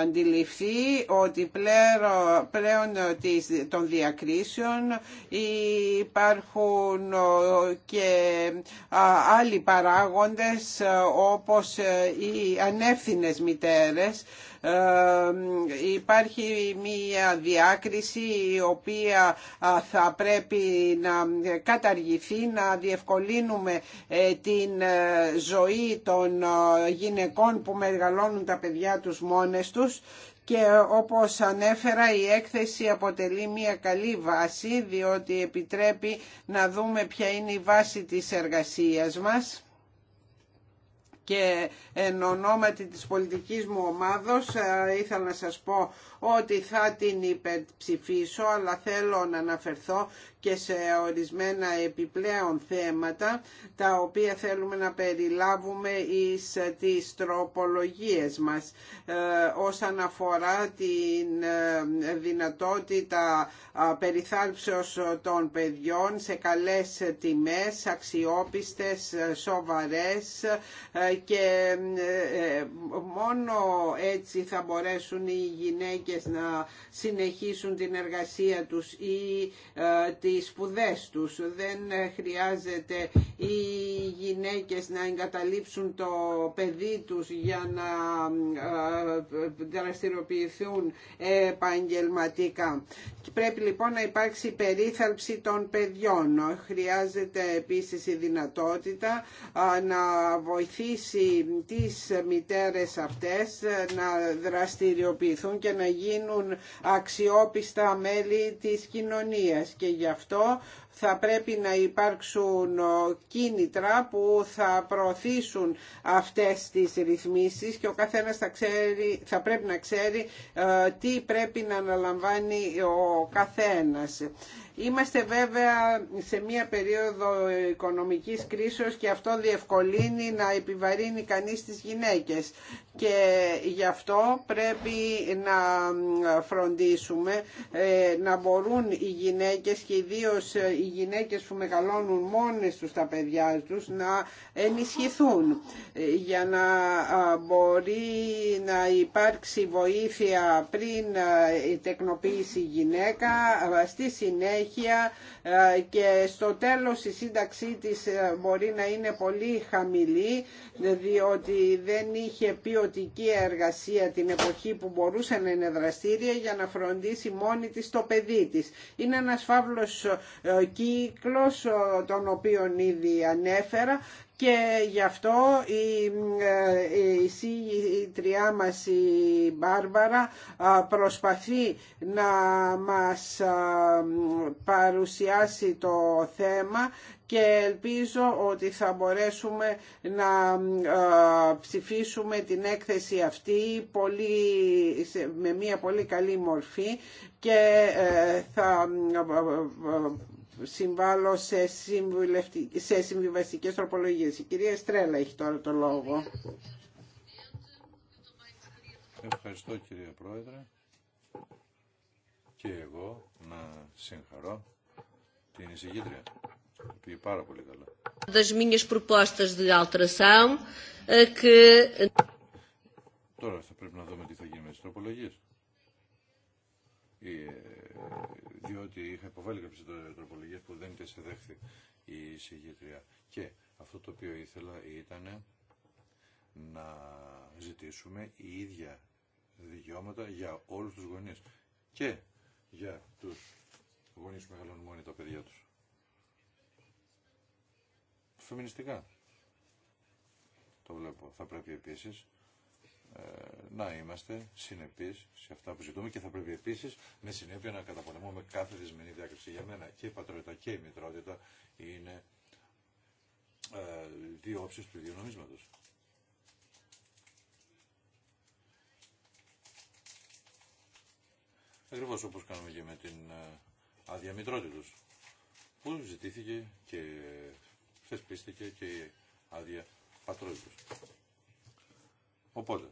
αντιληφθεί ότι πλέον, πλέον των διακρίσεων υπάρχουν ε, και άλλοι παράγοντες ε, όπως οι ανεύθυνες μητέρες ε, υπάρχει μία διάκριση η οποία θα πρέπει να καταργηθεί, να διευκολύνουμε ε, την ε, ζωή των γυναικών που μεγαλώνουν τα παιδιά τους μόνες τους και όπως ανέφερα η έκθεση αποτελεί μια καλή βάση διότι επιτρέπει να δούμε ποια είναι η βάση της εργασίας μας και εν ονόματι της πολιτικής μου ομάδος ε, ήθελα να σας πω ότι θα την υπερψηφίσω αλλά θέλω να αναφερθώ και σε ορισμένα επιπλέον θέματα τα οποία θέλουμε να περιλάβουμε εις ε, τις τροπολογίες μας ε, όσον αφορά την ε, δυνατότητα περιθάλψεως των παιδιών σε καλές τιμές, αξιόπιστες, σοβαρές και μόνο έτσι θα μπορέσουν οι γυναίκες να συνεχίσουν την εργασία τους ή τη σπουδές τους. Δεν χρειάζεται οι γυναίκες να εγκαταλείψουν το παιδί τους για να ε, ε, δραστηριοποιηθούν επαγγελματικά. Πρέπει λοιπόν να υπάρξει περίθαλψη των παιδιών. Χρειάζεται επίσης η δυνατότητα να βοηθήσει τις μητέρες αυτές να δραστηριοποιηθούν και να γίνουν αξιόπιστα μέλη της κοινωνίας. Και γι' αυτό θα πρέπει να υπάρξουν κίνητρα που θα προωθήσουν αυτές τις ρυθμίσεις και ο καθένας θα, ξέρει, θα πρέπει να ξέρει ε, τι πρέπει να αναλαμβάνει ο καθένας. Είμαστε βέβαια σε μια περίοδο οικονομικής κρίσεως και αυτό διευκολύνει να επιβαρύνει κανείς τις γυναίκες και γι' αυτό πρέπει να φροντίσουμε ε, να μπορούν οι γυναίκες και ιδίω ε, οι γυναίκες που μεγαλώνουν μόνες τους τα παιδιά τους να ενισχυθούν ε, για να μπορεί να υπάρξει βοήθεια πριν η τεκνοποίηση γυναίκα στη συνέχεια ε, και στο τέλος η σύνταξή της ε, μπορεί να είναι πολύ χαμηλή ε, διότι δεν είχε ποιοτική εργασία την εποχή που μπορούσε να είναι δραστήρια για να φροντίσει μόνη της το παιδί της. Είναι ένας φαύλος κύκλος τον οποίον ήδη ανέφερα και γι' αυτό η ε, συγητριά μας η Μπάρβαρα προσπαθεί να μας παρουσιάσει το θέμα και ελπίζω ότι θα μπορέσουμε να ψηφίσουμε την έκθεση αυτή πολύ, με μια πολύ καλή μορφή και ε, θα συμβάλλω σε, σε συμβιβαστικές τροπολογίες. Η κυρία Στρέλα έχει τώρα το λόγο. Ευχαριστώ κυρία Πρόεδρε και εγώ να συγχαρώ την εισηγήτρια που πήγε πάρα πολύ καλά. Eh, τώρα θα πρέπει να δούμε τι θα γίνει με τις τροπολογίες. Ε, διότι είχα υποβάλει κάποιες τροπολογίες που δεν τις δέχθη η συγγήτρια. Και αυτό το οποίο ήθελα ήταν να ζητήσουμε η ίδια δικαιώματα για όλους τους γονείς και για τους γονείς που μεγαλώνουν μόνοι τα παιδιά τους. Φεμινιστικά το βλέπω. Θα πρέπει επίσης ε, να είμαστε συνεπείς σε αυτά που ζητούμε και θα πρέπει επίσης με συνέπεια να καταπολεμούμε κάθε δυσμενή διάκριση. Για μένα και η πατρότητα και η μητρότητα είναι ε, δύο όψεις του ίδιου νομίσματος. όπως κάνουμε και με την ε, άδεια μητρότητος, που ζητήθηκε και θεσπίστηκε και η άδεια πατρότητος. Οπότε,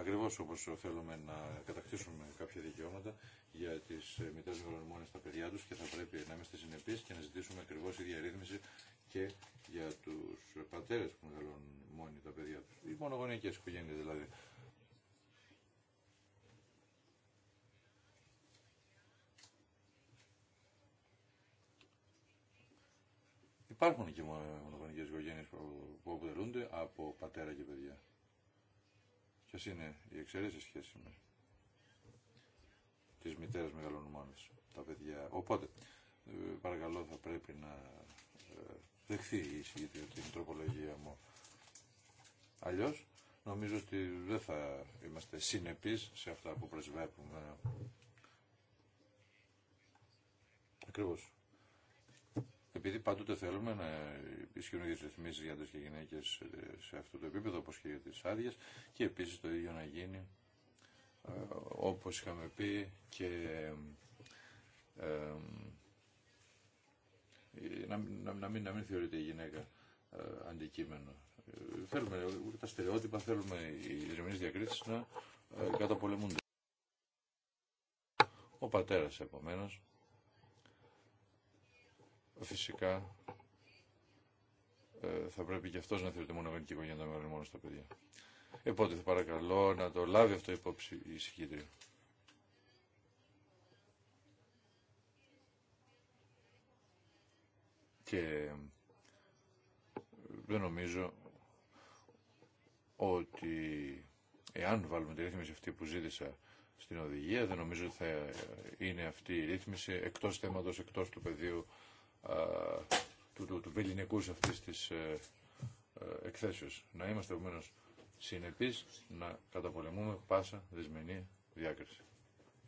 Ακριβώ όπως θέλουμε να κατακτήσουμε κάποια δικαιώματα για τις μητέρες γονεμόνες στα παιδιά τους και θα πρέπει να είμαστε συνεπείς και να ζητήσουμε ακριβώς η διαρρύθμιση και για τους πατέρες που μεγαλώνουν μόνοι τα παιδιά του. Οι μονογονεϊκές οικογένειε, δηλαδή. Υπάρχουν και μονογονικές οικογένειες που αποτελούνται από πατέρα και παιδιά. Ποιε είναι οι εξαιρέσει σχέση με τις μητέρες μεγαλών τα παιδιά. Οπότε, ε, παρακαλώ θα πρέπει να ε, δεχθεί η συγκεκριμένη την τροπολογία μου. Αλλιώ, νομίζω ότι δεν θα είμαστε συνεπεί σε αυτά που πρεσβεύουμε. Ακριβώς επειδή πάντοτε θέλουμε να ισχύουν οι ρυθμίσει για τις και γυναίκε ε, σε αυτό το επίπεδο, όπω και για τι άδειε, και επίση το ίδιο να γίνει ε, όπως είχαμε πει και ε, να, να, να, μην, να μην θεωρείται η γυναίκα αντικείμενο. θέλουμε τα στερεότυπα, θέλουμε οι ερμηνείς διακρίσεις να καταπολεμούνται. Ο πατέρα, επομένω φυσικά ε, θα πρέπει και αυτός να θεωρείται μόνο οικογένεια να μόνο στα παιδιά. Επότε θα παρακαλώ να το λάβει αυτό υπόψη η συγκεντρία. Και ε, δεν νομίζω ότι εάν βάλουμε τη ρύθμιση αυτή που ζήτησα στην οδηγία, δεν νομίζω ότι θα είναι αυτή η ρύθμιση εκτός θέματος, εκτός του πεδίου ε, του, του, του πελληνικούς αυτής της ε, ε, εκθέσεως. Να είμαστε επομένω συνεπείς να καταπολεμούμε πάσα δυσμενή διάκριση.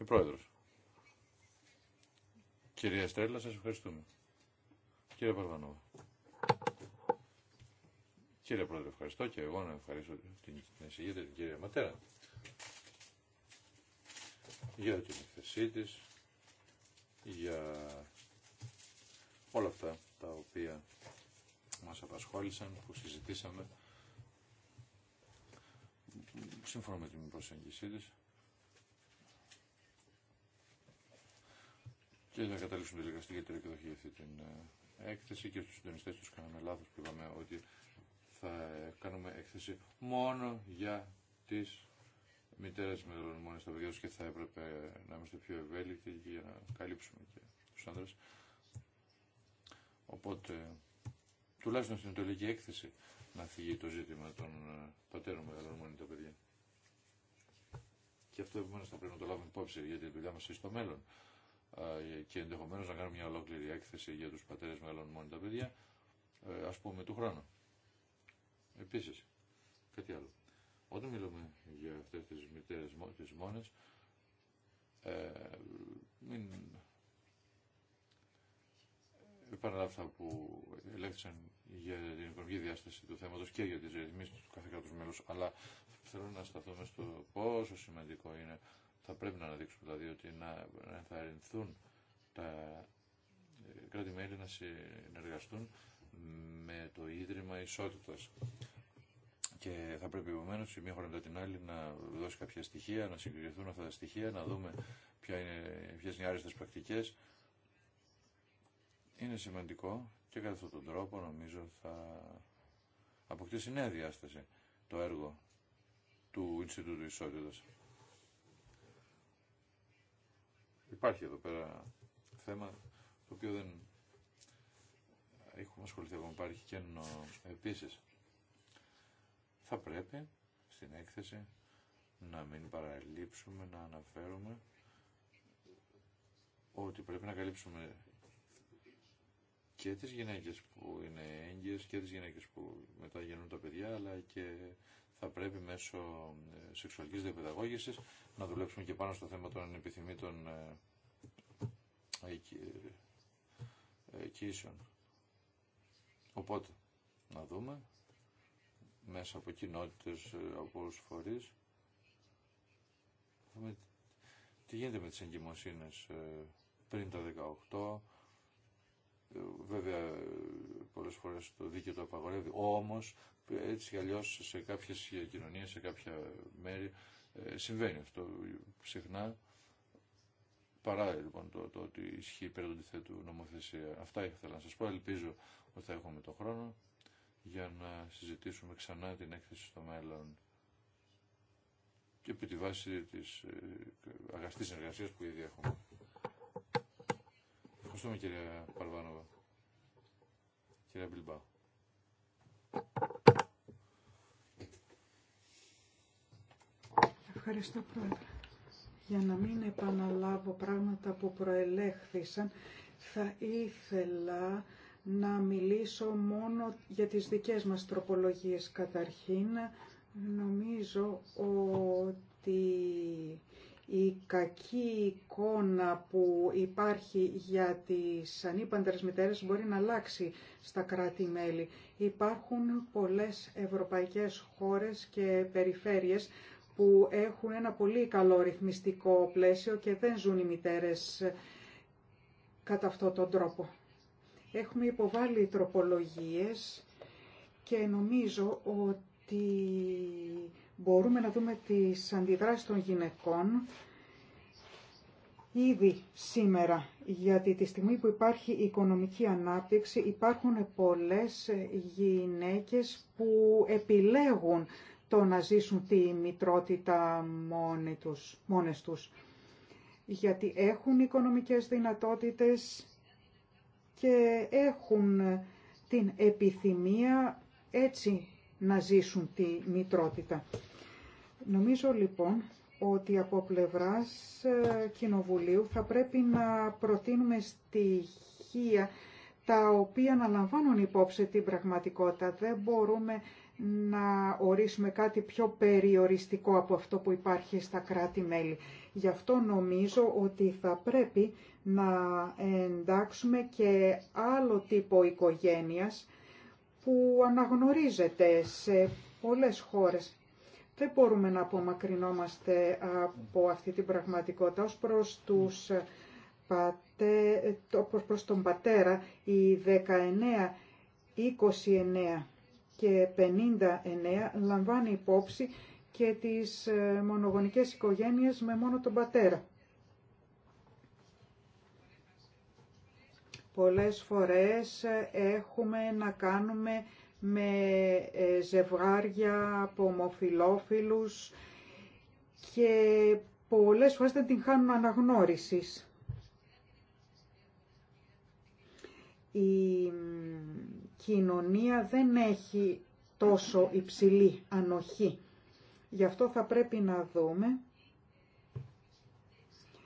Η Πρόεδρος. Κυρία Στρέλλα, σας ευχαριστούμε. Κύριε Παρβανόβα. Κύριε Πρόεδρε, ευχαριστώ και εγώ να ευχαριστώ την, την εισηγήτρια, την κυρία Ματέρα, για την εκθεσή της, για όλα αυτά τα οποία μας απασχόλησαν, που συζητήσαμε σύμφωνα με την προσέγγιση της και θα καταλήξουμε τελικά στην κεντρική εκδοχή αυτή την ε, έκθεση και στους συντονιστές τους κάναμε λάθος που είπαμε ότι θα κάνουμε έκθεση μόνο για τις μητέρες με τον τα παιδιά τους και θα έπρεπε να είμαστε πιο ευέλικτοι για να καλύψουμε και τους άνδρες. Οπότε, τουλάχιστον στην τελική έκθεση, να φύγει το ζήτημα των ε, πατέρων μεγάλων μόνοι τα παιδιά. Και αυτό επομένω θα πρέπει να το λάβουμε υπόψη για τη δουλειά μα στο μέλλον. Και ενδεχομένω να κάνουμε μια ολόκληρη έκθεση για του πατέρε μεγάλων μόνοι τα παιδιά, ε, α πούμε του χρόνου. Επίση, κάτι άλλο. Όταν μιλούμε για αυτέ τι μητέρε, μόνε, ε, μην παρά αυτά που ελέγχθησαν για την οικονομική διάσταση του θέματος και για τις ρυθμίσεις του κάθε κράτους μέλους, αλλά θέλω να σταθούμε στο πόσο σημαντικό είναι, θα πρέπει να αναδείξουμε δηλαδή ότι να, ενθαρρυνθούν τα ε, κράτη-μέλη να συνεργαστούν με το Ίδρυμα Ισότητας. Και θα πρέπει επομένω η μία χώρα μετά την άλλη να δώσει κάποια στοιχεία, να συγκριθούν αυτά τα στοιχεία, να δούμε ποιε είναι οι άριστε πρακτικέ είναι σημαντικό και κατά αυτόν τον τρόπο νομίζω θα αποκτήσει νέα διάσταση το έργο του Ινστιτούτου Ισότητας. Υπάρχει εδώ πέρα θέμα το οποίο δεν έχουμε ασχοληθεί ακόμα. Υπάρχει και ενώ επίσης θα πρέπει στην έκθεση να μην παραλείψουμε, να αναφέρουμε ότι πρέπει να καλύψουμε και τις γυναίκες που είναι έγκυες και τις γυναίκες που μετά γεννούν τα παιδιά αλλά και θα πρέπει μέσω ε, σεξουαλικής διαπαιδαγώγησης να δουλέψουμε και πάνω στο θέμα των επιθυμήτων ε, ε, εκείσεων. Οπότε, να δούμε μέσα από κοινότητες, από όλους τους φορείς τι γίνεται με τις εγκυμοσύνες πριν τα 18 Βέβαια, πολλές φορές το δίκαιο το απαγορεύει. Όμως, έτσι κι αλλιώς σε κάποιες κοινωνίες, σε κάποια μέρη ε, συμβαίνει αυτό συχνά. Παρά λοιπόν το, ότι ισχύει πέρα του αντιθέτου νομοθεσία. Αυτά ήθελα να σας πω. Ελπίζω ότι θα έχουμε τον χρόνο για να συζητήσουμε ξανά την έκθεση στο μέλλον και επί τη βάση της ε, αγαστής συνεργασίας που ήδη έχουμε. Ευχαριστούμε κύριε Παρβάνοβα. Κύριε Μπιλμπάου. Ευχαριστώ πρόεδρε. Για να μην επαναλάβω πράγματα που προελέχθησαν, θα ήθελα να μιλήσω μόνο για τις δικές μας τροπολογίες. Καταρχήν, νομίζω ότι η κακή εικόνα που υπάρχει για τις ανήπαντερες μητέρες μπορεί να αλλάξει στα κράτη-μέλη. Υπάρχουν πολλές ευρωπαϊκές χώρες και περιφέρειες που έχουν ένα πολύ καλό ρυθμιστικό πλαίσιο και δεν ζουν οι μητέρες κατά αυτόν τον τρόπο. Έχουμε υποβάλει τροπολογίες και νομίζω ότι μπορούμε να δούμε τις αντιδράσεις των γυναικών ήδη σήμερα, γιατί τη στιγμή που υπάρχει οικονομική ανάπτυξη υπάρχουν πολλές γυναίκες που επιλέγουν το να ζήσουν τη μητρότητα μόνες τους. Γιατί έχουν οικονομικές δυνατότητες και έχουν την επιθυμία έτσι να ζήσουν τη μητρότητα. Νομίζω λοιπόν ότι από πλευράς ε, Κοινοβουλίου θα πρέπει να προτείνουμε στοιχεία τα οποία να λαμβάνουν υπόψη την πραγματικότητα. Δεν μπορούμε να ορίσουμε κάτι πιο περιοριστικό από αυτό που υπάρχει στα κράτη-μέλη. Γι' αυτό νομίζω ότι θα πρέπει να εντάξουμε και άλλο τύπο οικογένειας που αναγνωρίζεται σε πολλές χώρες δεν μπορούμε να απομακρυνόμαστε από αυτή την πραγματικότητα ως προς τους ε, πατέ, προς τον πατέρα οι 19, 29 και 59 λαμβάνει υπόψη και τις ε, μονογονικές οικογένειες με μόνο τον πατέρα. Πολλές φορές ε, έχουμε να κάνουμε με ε, ζευγάρια από ομοφιλόφιλους και πολλές φορές δεν την χάνουν αναγνώρισης. Η κοινωνία δεν έχει τόσο υψηλή ανοχή. Γι' αυτό θα πρέπει να δούμε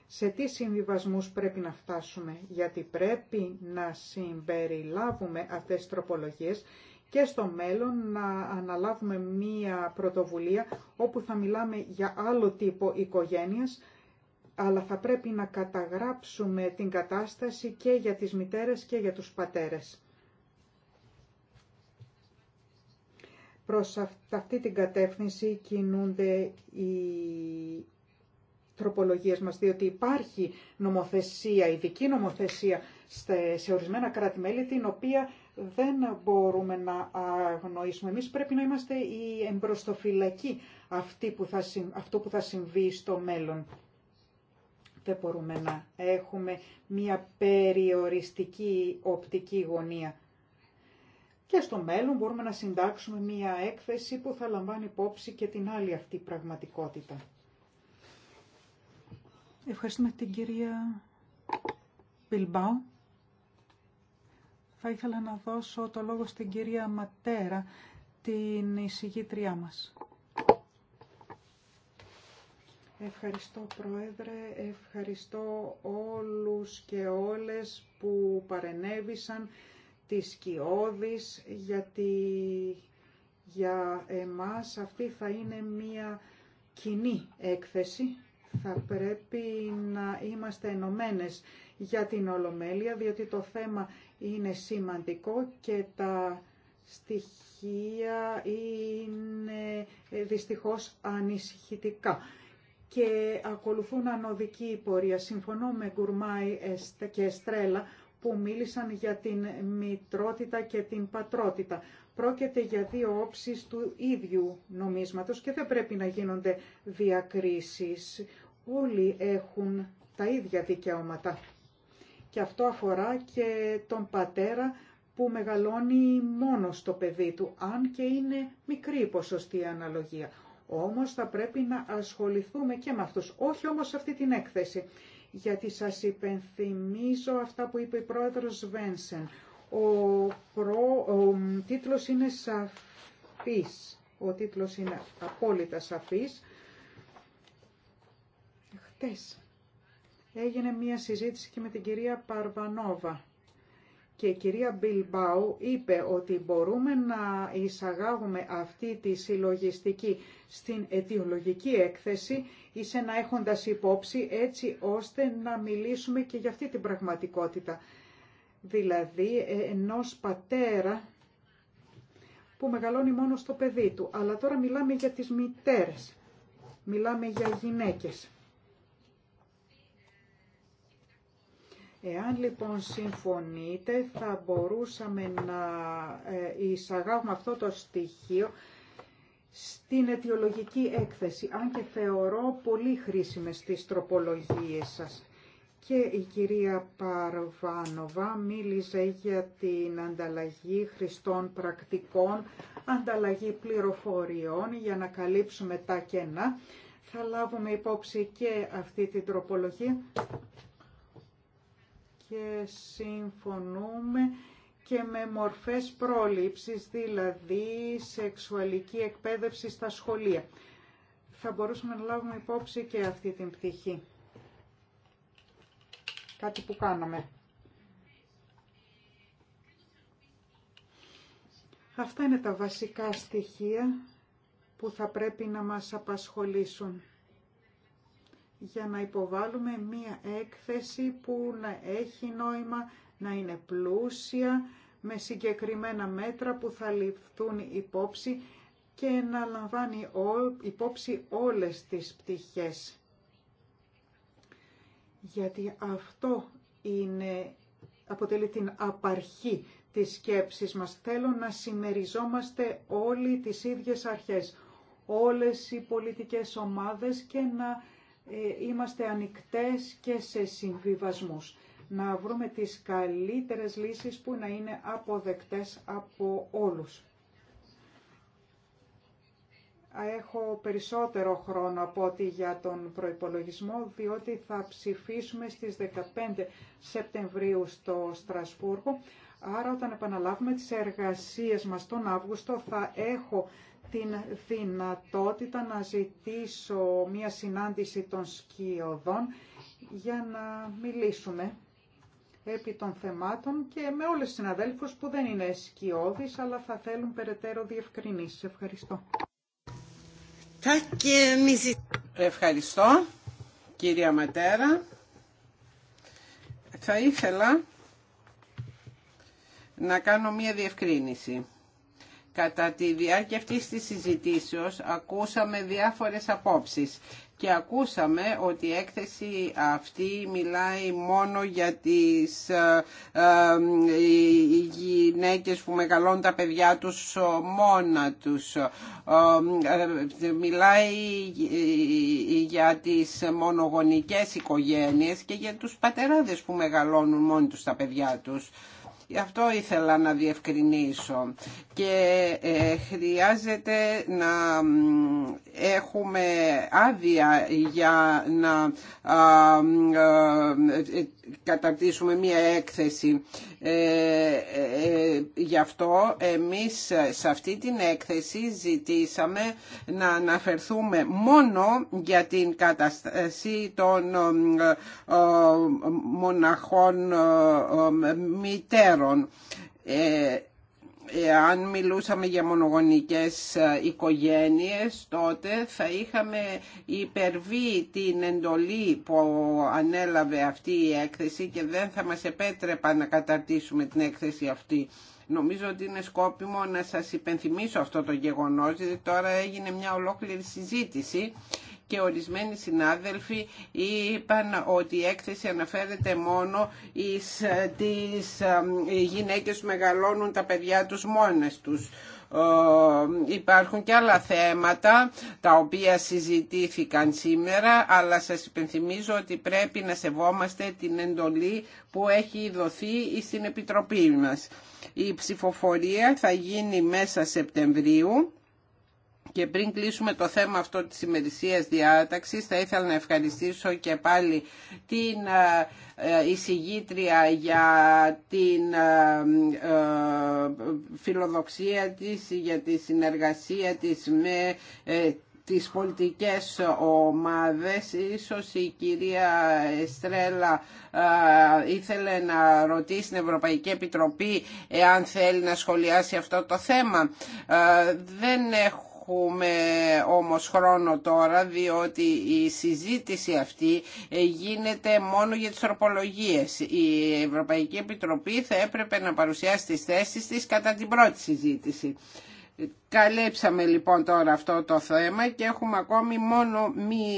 σε τι συμβιβασμούς πρέπει να φτάσουμε, γιατί πρέπει να συμπεριλάβουμε αυτές τις τροπολογίες και στο μέλλον να αναλάβουμε μία πρωτοβουλία όπου θα μιλάμε για άλλο τύπο οικογένειας, αλλά θα πρέπει να καταγράψουμε την κατάσταση και για τις μητέρες και για τους πατέρες. Προς αυτή την κατεύθυνση κινούνται οι τροπολογίες μας, διότι υπάρχει νομοθεσία, ειδική νομοθεσία σε ορισμένα κράτη-μέλη, την οποία δεν μπορούμε να αγνοήσουμε. Εμείς πρέπει να είμαστε οι εμπροστοφυλακοί που θα, αυτού που θα συμβεί στο μέλλον. Δεν μπορούμε να έχουμε μια περιοριστική οπτική γωνία. Και στο μέλλον μπορούμε να συντάξουμε μια έκθεση που θα λαμβάνει υπόψη και την άλλη αυτή πραγματικότητα. Ευχαριστούμε την κυρία Bilbao θα ήθελα να δώσω το λόγο στην κυρία Ματέρα, την εισηγήτριά μας. Ευχαριστώ Πρόεδρε, ευχαριστώ όλους και όλες που παρενέβησαν τις σκιώδης γιατί για εμάς αυτή θα είναι μία κοινή έκθεση. Θα πρέπει να είμαστε ενωμένες για την Ολομέλεια, διότι το θέμα είναι σημαντικό και τα στοιχεία είναι ε, δυστυχώς ανησυχητικά και ακολουθούν ανωδική πορεία. Συμφωνώ με Γκουρμάη ε, και Εστρέλα που μίλησαν για την μητρότητα και την πατρότητα. Πρόκειται για δύο όψεις του ίδιου νομίσματος και δεν πρέπει να γίνονται διακρίσεις. Όλοι έχουν τα ίδια δικαιώματα. Και αυτό αφορά και τον πατέρα που μεγαλώνει μόνος στο παιδί του, αν και είναι μικρή η ποσοστή αναλογία. Όμως θα πρέπει να ασχοληθούμε και με αυτούς, όχι όμως αυτή την έκθεση. Γιατί σας υπενθυμίζω αυτά που είπε η πρόεδρος Βένσεν. Ο, προ, ο τίτλος είναι σαφής. Ο τίτλος είναι απόλυτα σαφής. Χτες έγινε μία συζήτηση και με την κυρία Παρβανόβα. Και η κυρία Μπιλμπάου είπε ότι μπορούμε να εισαγάγουμε αυτή τη συλλογιστική στην αιτιολογική έκθεση ή σε να έχοντας υπόψη έτσι ώστε να μιλήσουμε και για αυτή την πραγματικότητα. Δηλαδή ε, ενός πατέρα που μεγαλώνει μόνο στο παιδί του. Αλλά τώρα μιλάμε για τις μητέρες, μιλάμε για γυναίκες. Εάν λοιπόν συμφωνείτε θα μπορούσαμε να ε, εισαγάγουμε αυτό το στοιχείο στην αιτιολογική έκθεση, αν και θεωρώ πολύ χρήσιμες τις τροπολογίες σας. Και η κυρία Παρβάνοβα μίλησε για την ανταλλαγή χρηστών πρακτικών, ανταλλαγή πληροφοριών για να καλύψουμε τα κενά. Θα λάβουμε υπόψη και αυτή την τροπολογία και συμφωνούμε και με μορφές πρόληψης, δηλαδή σεξουαλική εκπαίδευση στα σχολεία. Θα μπορούσαμε να λάβουμε υπόψη και αυτή την πτυχή. Κάτι που κάναμε. Αυτά είναι τα βασικά στοιχεία που θα πρέπει να μας απασχολήσουν για να υποβάλουμε μία έκθεση που να έχει νόημα, να είναι πλούσια, με συγκεκριμένα μέτρα που θα ληφθούν υπόψη και να λαμβάνει υπόψη όλες τις πτυχές. Γιατί αυτό είναι, αποτελεί την απαρχή της σκέψης μας. Θέλω να συμμεριζόμαστε όλοι τις ίδιες αρχές, όλες οι πολιτικές ομάδες και να ε, είμαστε ανοιχτές και σε συμβιβασμούς. Να βρούμε τις καλύτερες λύσεις που να είναι αποδεκτές από όλους. Έχω περισσότερο χρόνο από ότι για τον προϋπολογισμό, διότι θα ψηφίσουμε στις 15 Σεπτεμβρίου στο Στρασβούργο. Άρα όταν επαναλάβουμε τις εργασίες μας τον Αύγουστο θα έχω την δυνατότητα να ζητήσω μία συνάντηση των σκιωδών για να μιλήσουμε επί των θεμάτων και με όλες τις συναδέλφους που δεν είναι σκιώδεις αλλά θα θέλουν περαιτέρω διευκρινήσεις. Ευχαριστώ. Ευχαριστώ κυρία Ματέρα. Θα ήθελα να κάνω μία διευκρίνηση. Κατά τη διάρκεια αυτής της συζητήσεως ακούσαμε διάφορες απόψεις και ακούσαμε ότι η έκθεση αυτή μιλάει μόνο για τις ε, ε γυναίκες που μεγαλώνουν τα παιδιά τους μόνα τους. Ε, ε, μιλάει για τις μονογονικές οικογένειες και για τους πατεράδες που μεγαλώνουν μόνοι τους τα παιδιά τους. Αυτό ήθελα να διευκρινίσω και ε, χρειάζεται να έχουμε άδεια για να ε, καταρτήσουμε μία έκθεση. Ε, ε, γι' αυτό εμείς σε αυτή την έκθεση ζητήσαμε να αναφερθούμε μόνο για την κατάσταση των ε, ε, μοναχών μητέρων. Αν μιλούσαμε για μονογονικές ε, οικογένειες τότε θα είχαμε υπερβεί την εντολή που ανέλαβε αυτή η έκθεση και δεν θα μας επέτρεπα να καταρτήσουμε την έκθεση αυτή. Νομίζω ότι είναι σκόπιμο να σας υπενθυμίσω αυτό το γεγονός, γιατί τώρα έγινε μια ολόκληρη συζήτηση και ορισμένοι συνάδελφοι είπαν ότι η έκθεση αναφέρεται μόνο εις τις γυναίκες που μεγαλώνουν τα παιδιά τους μόνες τους. Υπάρχουν και άλλα θέματα τα οποία συζητήθηκαν σήμερα αλλά σας υπενθυμίζω ότι πρέπει να σεβόμαστε την εντολή που έχει δοθεί στην Επιτροπή μας. Η ψηφοφορία θα γίνει μέσα Σεπτεμβρίου και πριν κλείσουμε το θέμα αυτό της ημερησίας διάταξης, θα ήθελα να ευχαριστήσω και πάλι την ε, ε, εισηγήτρια για την ε, φιλοδοξία της, για τη συνεργασία της με τις πολιτικές ομάδες. Ίσως η κυρία Εστρέλα ήθελε να ρωτήσει την Ευρωπαϊκή Επιτροπή εάν θέλει να σχολιάσει αυτό το θέμα. Δεν έχω έχουμε όμως χρόνο τώρα διότι η συζήτηση αυτή γίνεται μόνο για τις τροπολογίες. Η Ευρωπαϊκή Επιτροπή θα έπρεπε να παρουσιάσει τις θέσεις της κατά την πρώτη συζήτηση. Καλέψαμε λοιπόν τώρα αυτό το θέμα και έχουμε ακόμη μόνο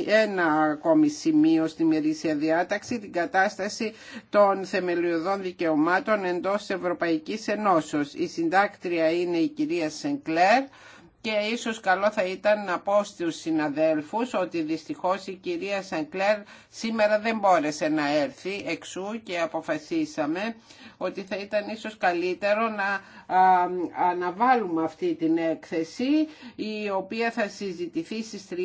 ένα ακόμη σημείο στη μερίσια διάταξη την κατάσταση των θεμελιωδών δικαιωμάτων εντός Ευρωπαϊκής Ενώσεως. Η συντάκτρια είναι η κυρία Σενκλέρ και ίσως καλό θα ήταν να πω στους συναδέλφους ότι δυστυχώς η κυρία Σανκλέρ σήμερα δεν μπόρεσε να έρθει εξού και αποφασίσαμε ότι θα ήταν ίσως καλύτερο να αναβάλουμε αυτή την έκθεση η οποία θα συζητηθεί στις 30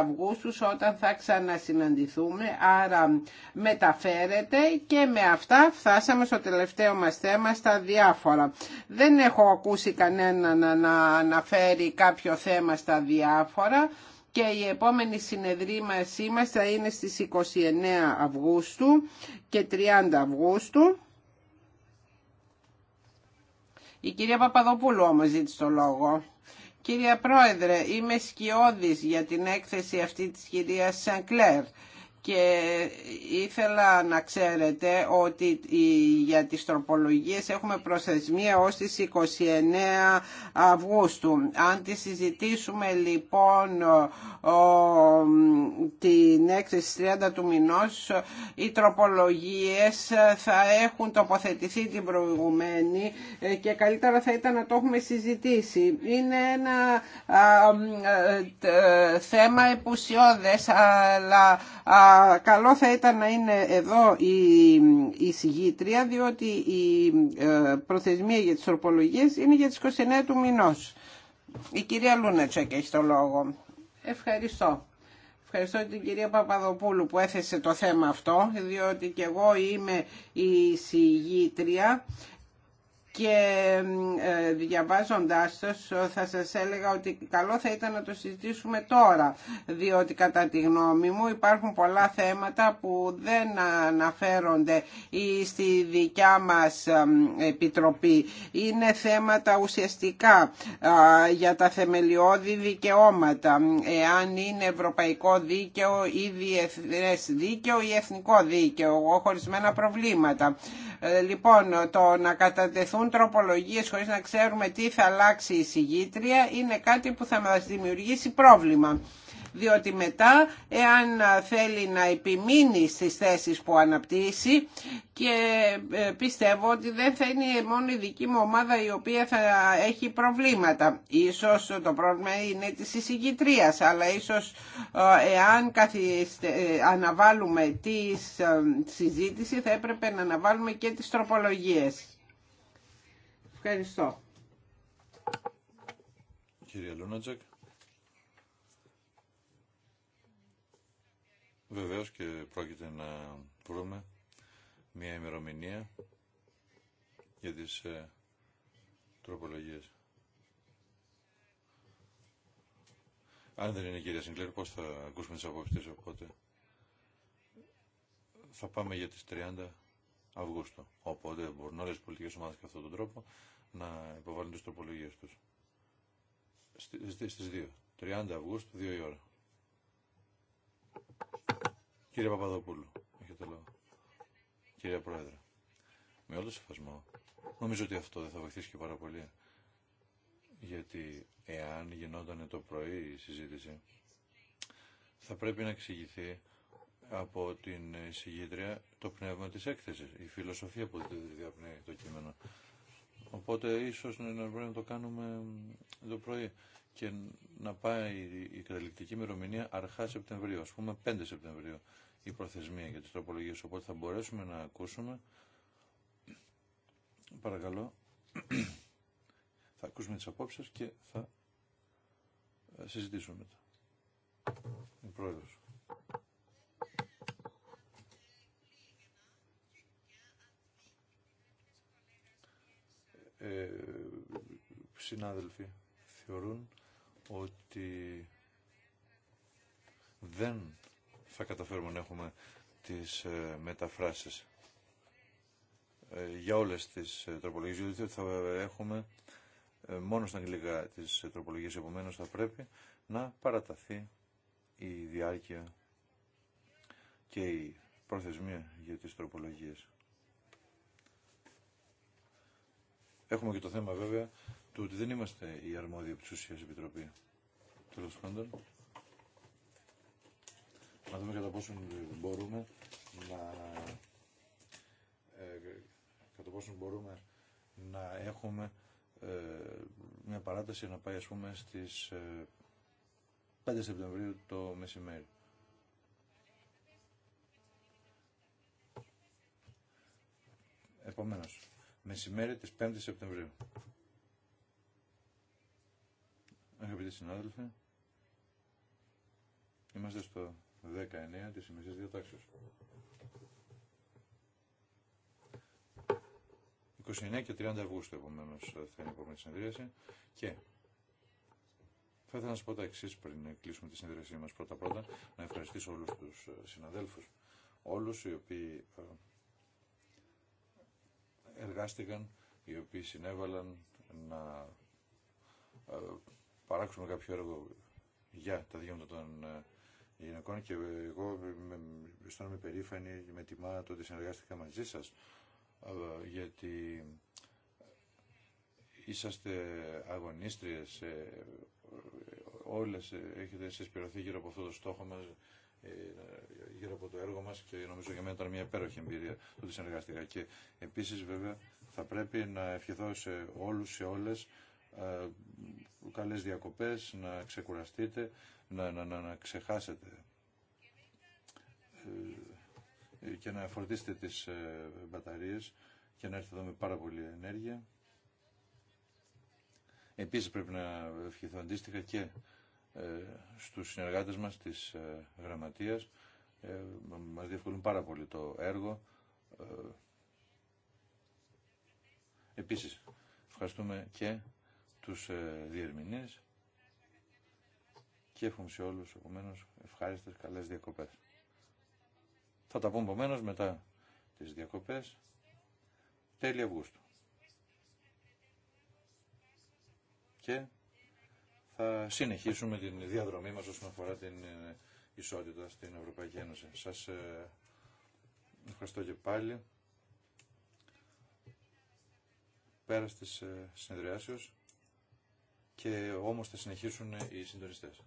Αυγούστου όταν θα ξανασυναντηθούμε άρα μεταφέρεται και με αυτά φτάσαμε στο τελευταίο μας θέμα στα διάφορα. Δεν έχω ακούσει κανέναν να αναφέρει κάποιο θέμα στα διάφορα και η επόμενη συνεδρίμασή μας θα είναι στις 29 Αυγούστου και 30 Αυγούστου η κυρία Παπαδοπούλου όμως ζήτησε το λόγο. Κυρία Πρόεδρε, είμαι σκιώδης για την έκθεση αυτή της κυρίας Σανκλέρ και ήθελα να ξέρετε ότι για τις τροπολογίες έχουμε προσθεσμία ως τις 29 Αυγούστου. Αν τη συζητήσουμε λοιπόν την έκθεση 30 του μηνός, οι τροπολογίες θα έχουν τοποθετηθεί την προηγουμένη ε, και καλύτερα θα ήταν να το έχουμε συζητήσει. Είναι ένα ε, θέμα επουσιώδες, αλλά καλό θα ήταν να είναι εδώ η, η συγγήτρια διότι η ε, προθεσμία για τις ορπολογίες είναι για τις 29 του μηνός. Η κυρία Λούνατσεκ έχει το λόγο. Ευχαριστώ. Ευχαριστώ την κυρία Παπαδοπούλου που έθεσε το θέμα αυτό, διότι και εγώ είμαι η συγγήτρια και ε, διαβάζοντάς το θα σας έλεγα ότι καλό θα ήταν να το συζητήσουμε τώρα διότι κατά τη γνώμη μου υπάρχουν πολλά θέματα που δεν αναφέρονται ή στη δικιά μας επιτροπή είναι θέματα ουσιαστικά για τα θεμελιώδη δικαιώματα εάν είναι ευρωπαϊκό δίκαιο ή διεθνές δίκαιο ή εθνικό δίκαιο χωρισμένα προβλήματα ε, λοιπόν, το να κατατεθούν τροπολογίες χωρίς να ξέρουμε τι θα αλλάξει η συγγήτρια είναι κάτι που θα μας δημιουργήσει πρόβλημα διότι μετά εάν θέλει να επιμείνει στις θέσεις που αναπτύσσει και ε, πιστεύω ότι δεν θα είναι μόνο η δική μου ομάδα η οποία θα έχει προβλήματα. Ίσως το πρόβλημα είναι της εισηγητρίας, αλλά ίσως ε, εάν ε, αναβάλουμε τη συζήτηση θα έπρεπε να αναβάλουμε και τις τροπολογίες. Ευχαριστώ. Κύριε Βεβαίως και πρόκειται να βρούμε μια ημερομηνία για τις ε, τροπολογίες. Αν δεν είναι η κυρία Σιγκλέρ, πώς θα ακούσουμε τις απόψεις οπότε. Θα πάμε για τις 30 Αυγούστου. Οπότε μπορούν όλες οι πολιτικές ομάδες και αυτόν τον τρόπο να υποβάλουν τις τροπολογίες τους. Στι, στις 2. 30 Αυγούστου, 2 η ώρα. Κύριε Παπαδοπούλου, έχετε λόγο. Κύριε Πρόεδρε, με όλο σεβασμό, νομίζω ότι αυτό δεν θα βοηθήσει και πάρα πολύ. Γιατί εάν γινόταν το πρωί η συζήτηση, θα πρέπει να εξηγηθεί από την συγγήτρια το πνεύμα της έκθεσης, η φιλοσοφία που διαπνέει το κείμενο. Οπότε ίσως να πρέπει να το κάνουμε το πρωί και να πάει η καταληκτική ημερομηνία αρχά Σεπτεμβρίου, ας πούμε 5 Σεπτεμβρίου η προθεσμία για τι τροπολογίε οπότε θα μπορέσουμε να ακούσουμε, παρακαλώ, θα ακούσουμε τις απόψει και θα ε, συζητήσουμε μετά. Ο Πρόεδρος. Ε, ε, συνάδελφοι θεωρούν ότι δεν θα καταφέρουμε να έχουμε τις ε, μεταφράσεις ε, για όλες τις ε, τροπολογίες, γιατί θα έχουμε μόνο στα αγγλικά τις τροπολογίες, επομένως θα πρέπει να παραταθεί η διάρκεια και η προθεσμία για τις τροπολογίες. Έχουμε και το θέμα βέβαια του ότι δεν είμαστε η αρμόδια της επιτροπή. Τέλο πάντων, να δούμε κατά πόσο μπορούμε να ε, μπορούμε να έχουμε ε, μια παράταση να πάει ας πούμε στις 5 ε, Σεπτεμβρίου το μεσημέρι. Επομένως, μεσημέρι της 5 Σεπτεμβρίου. Αγαπητοί συνάδελφοι, είμαστε στο 19 της ημερής διατάξεως. 29 και 30 Αυγούστου επομένω θα είναι η επόμενη συνεδρίαση και θα ήθελα να σα πω τα εξή πριν κλείσουμε τη συνεδρίασή μα. Πρώτα-πρώτα να ευχαριστήσω όλου του ε, συναδέλφου, όλου οι οποίοι ε, εργάστηκαν, οι οποίοι συνέβαλαν να ε, παράξουμε κάποιο έργο για τα δικαιώματα των ε, γυναικών και εγώ αισθάνομαι περήφανη με τιμά το ότι συνεργάστηκα μαζί σας ε, γιατί είσαστε αγωνίστριες ε, όλες έχετε συσπηρωθεί γύρω από αυτό το στόχο μας γύρω από το έργο μας και νομίζω για μένα ήταν μια υπέροχη εμπειρία το ότι συνεργάστηκα και επίσης βέβαια θα πρέπει να ευχηθώ σε όλους, σε όλες ε, καλές διακοπές, να ξεκουραστείτε, να, να, να, να ξεχάσετε ε, ε, και να φορτίσετε τις μπαταρίες και να έρθετε εδώ με πάρα πολλή ενέργεια. Επίσης πρέπει να ευχηθώ αντίστοιχα και στους συνεργάτες μας της γραμματείας. Μας διευκολύνουν πάρα πολύ το έργο. Επίσης, ευχαριστούμε και τους ε, διερμηνείς και εύχομαι σε όλους επομένως ευχάριστες καλές διακοπές. Θα τα πούμε επομένω μετά τις διακοπές τέλη Αυγούστου. Και θα συνεχίσουμε την διαδρομή μας όσον αφορά την ε, ισότητα στην Ευρωπαϊκή Ένωση. Σας ε, ευχαριστώ και πάλι. Πέρα της συνεδριάσεως και όμως θα συνεχίσουν οι συντονιστές.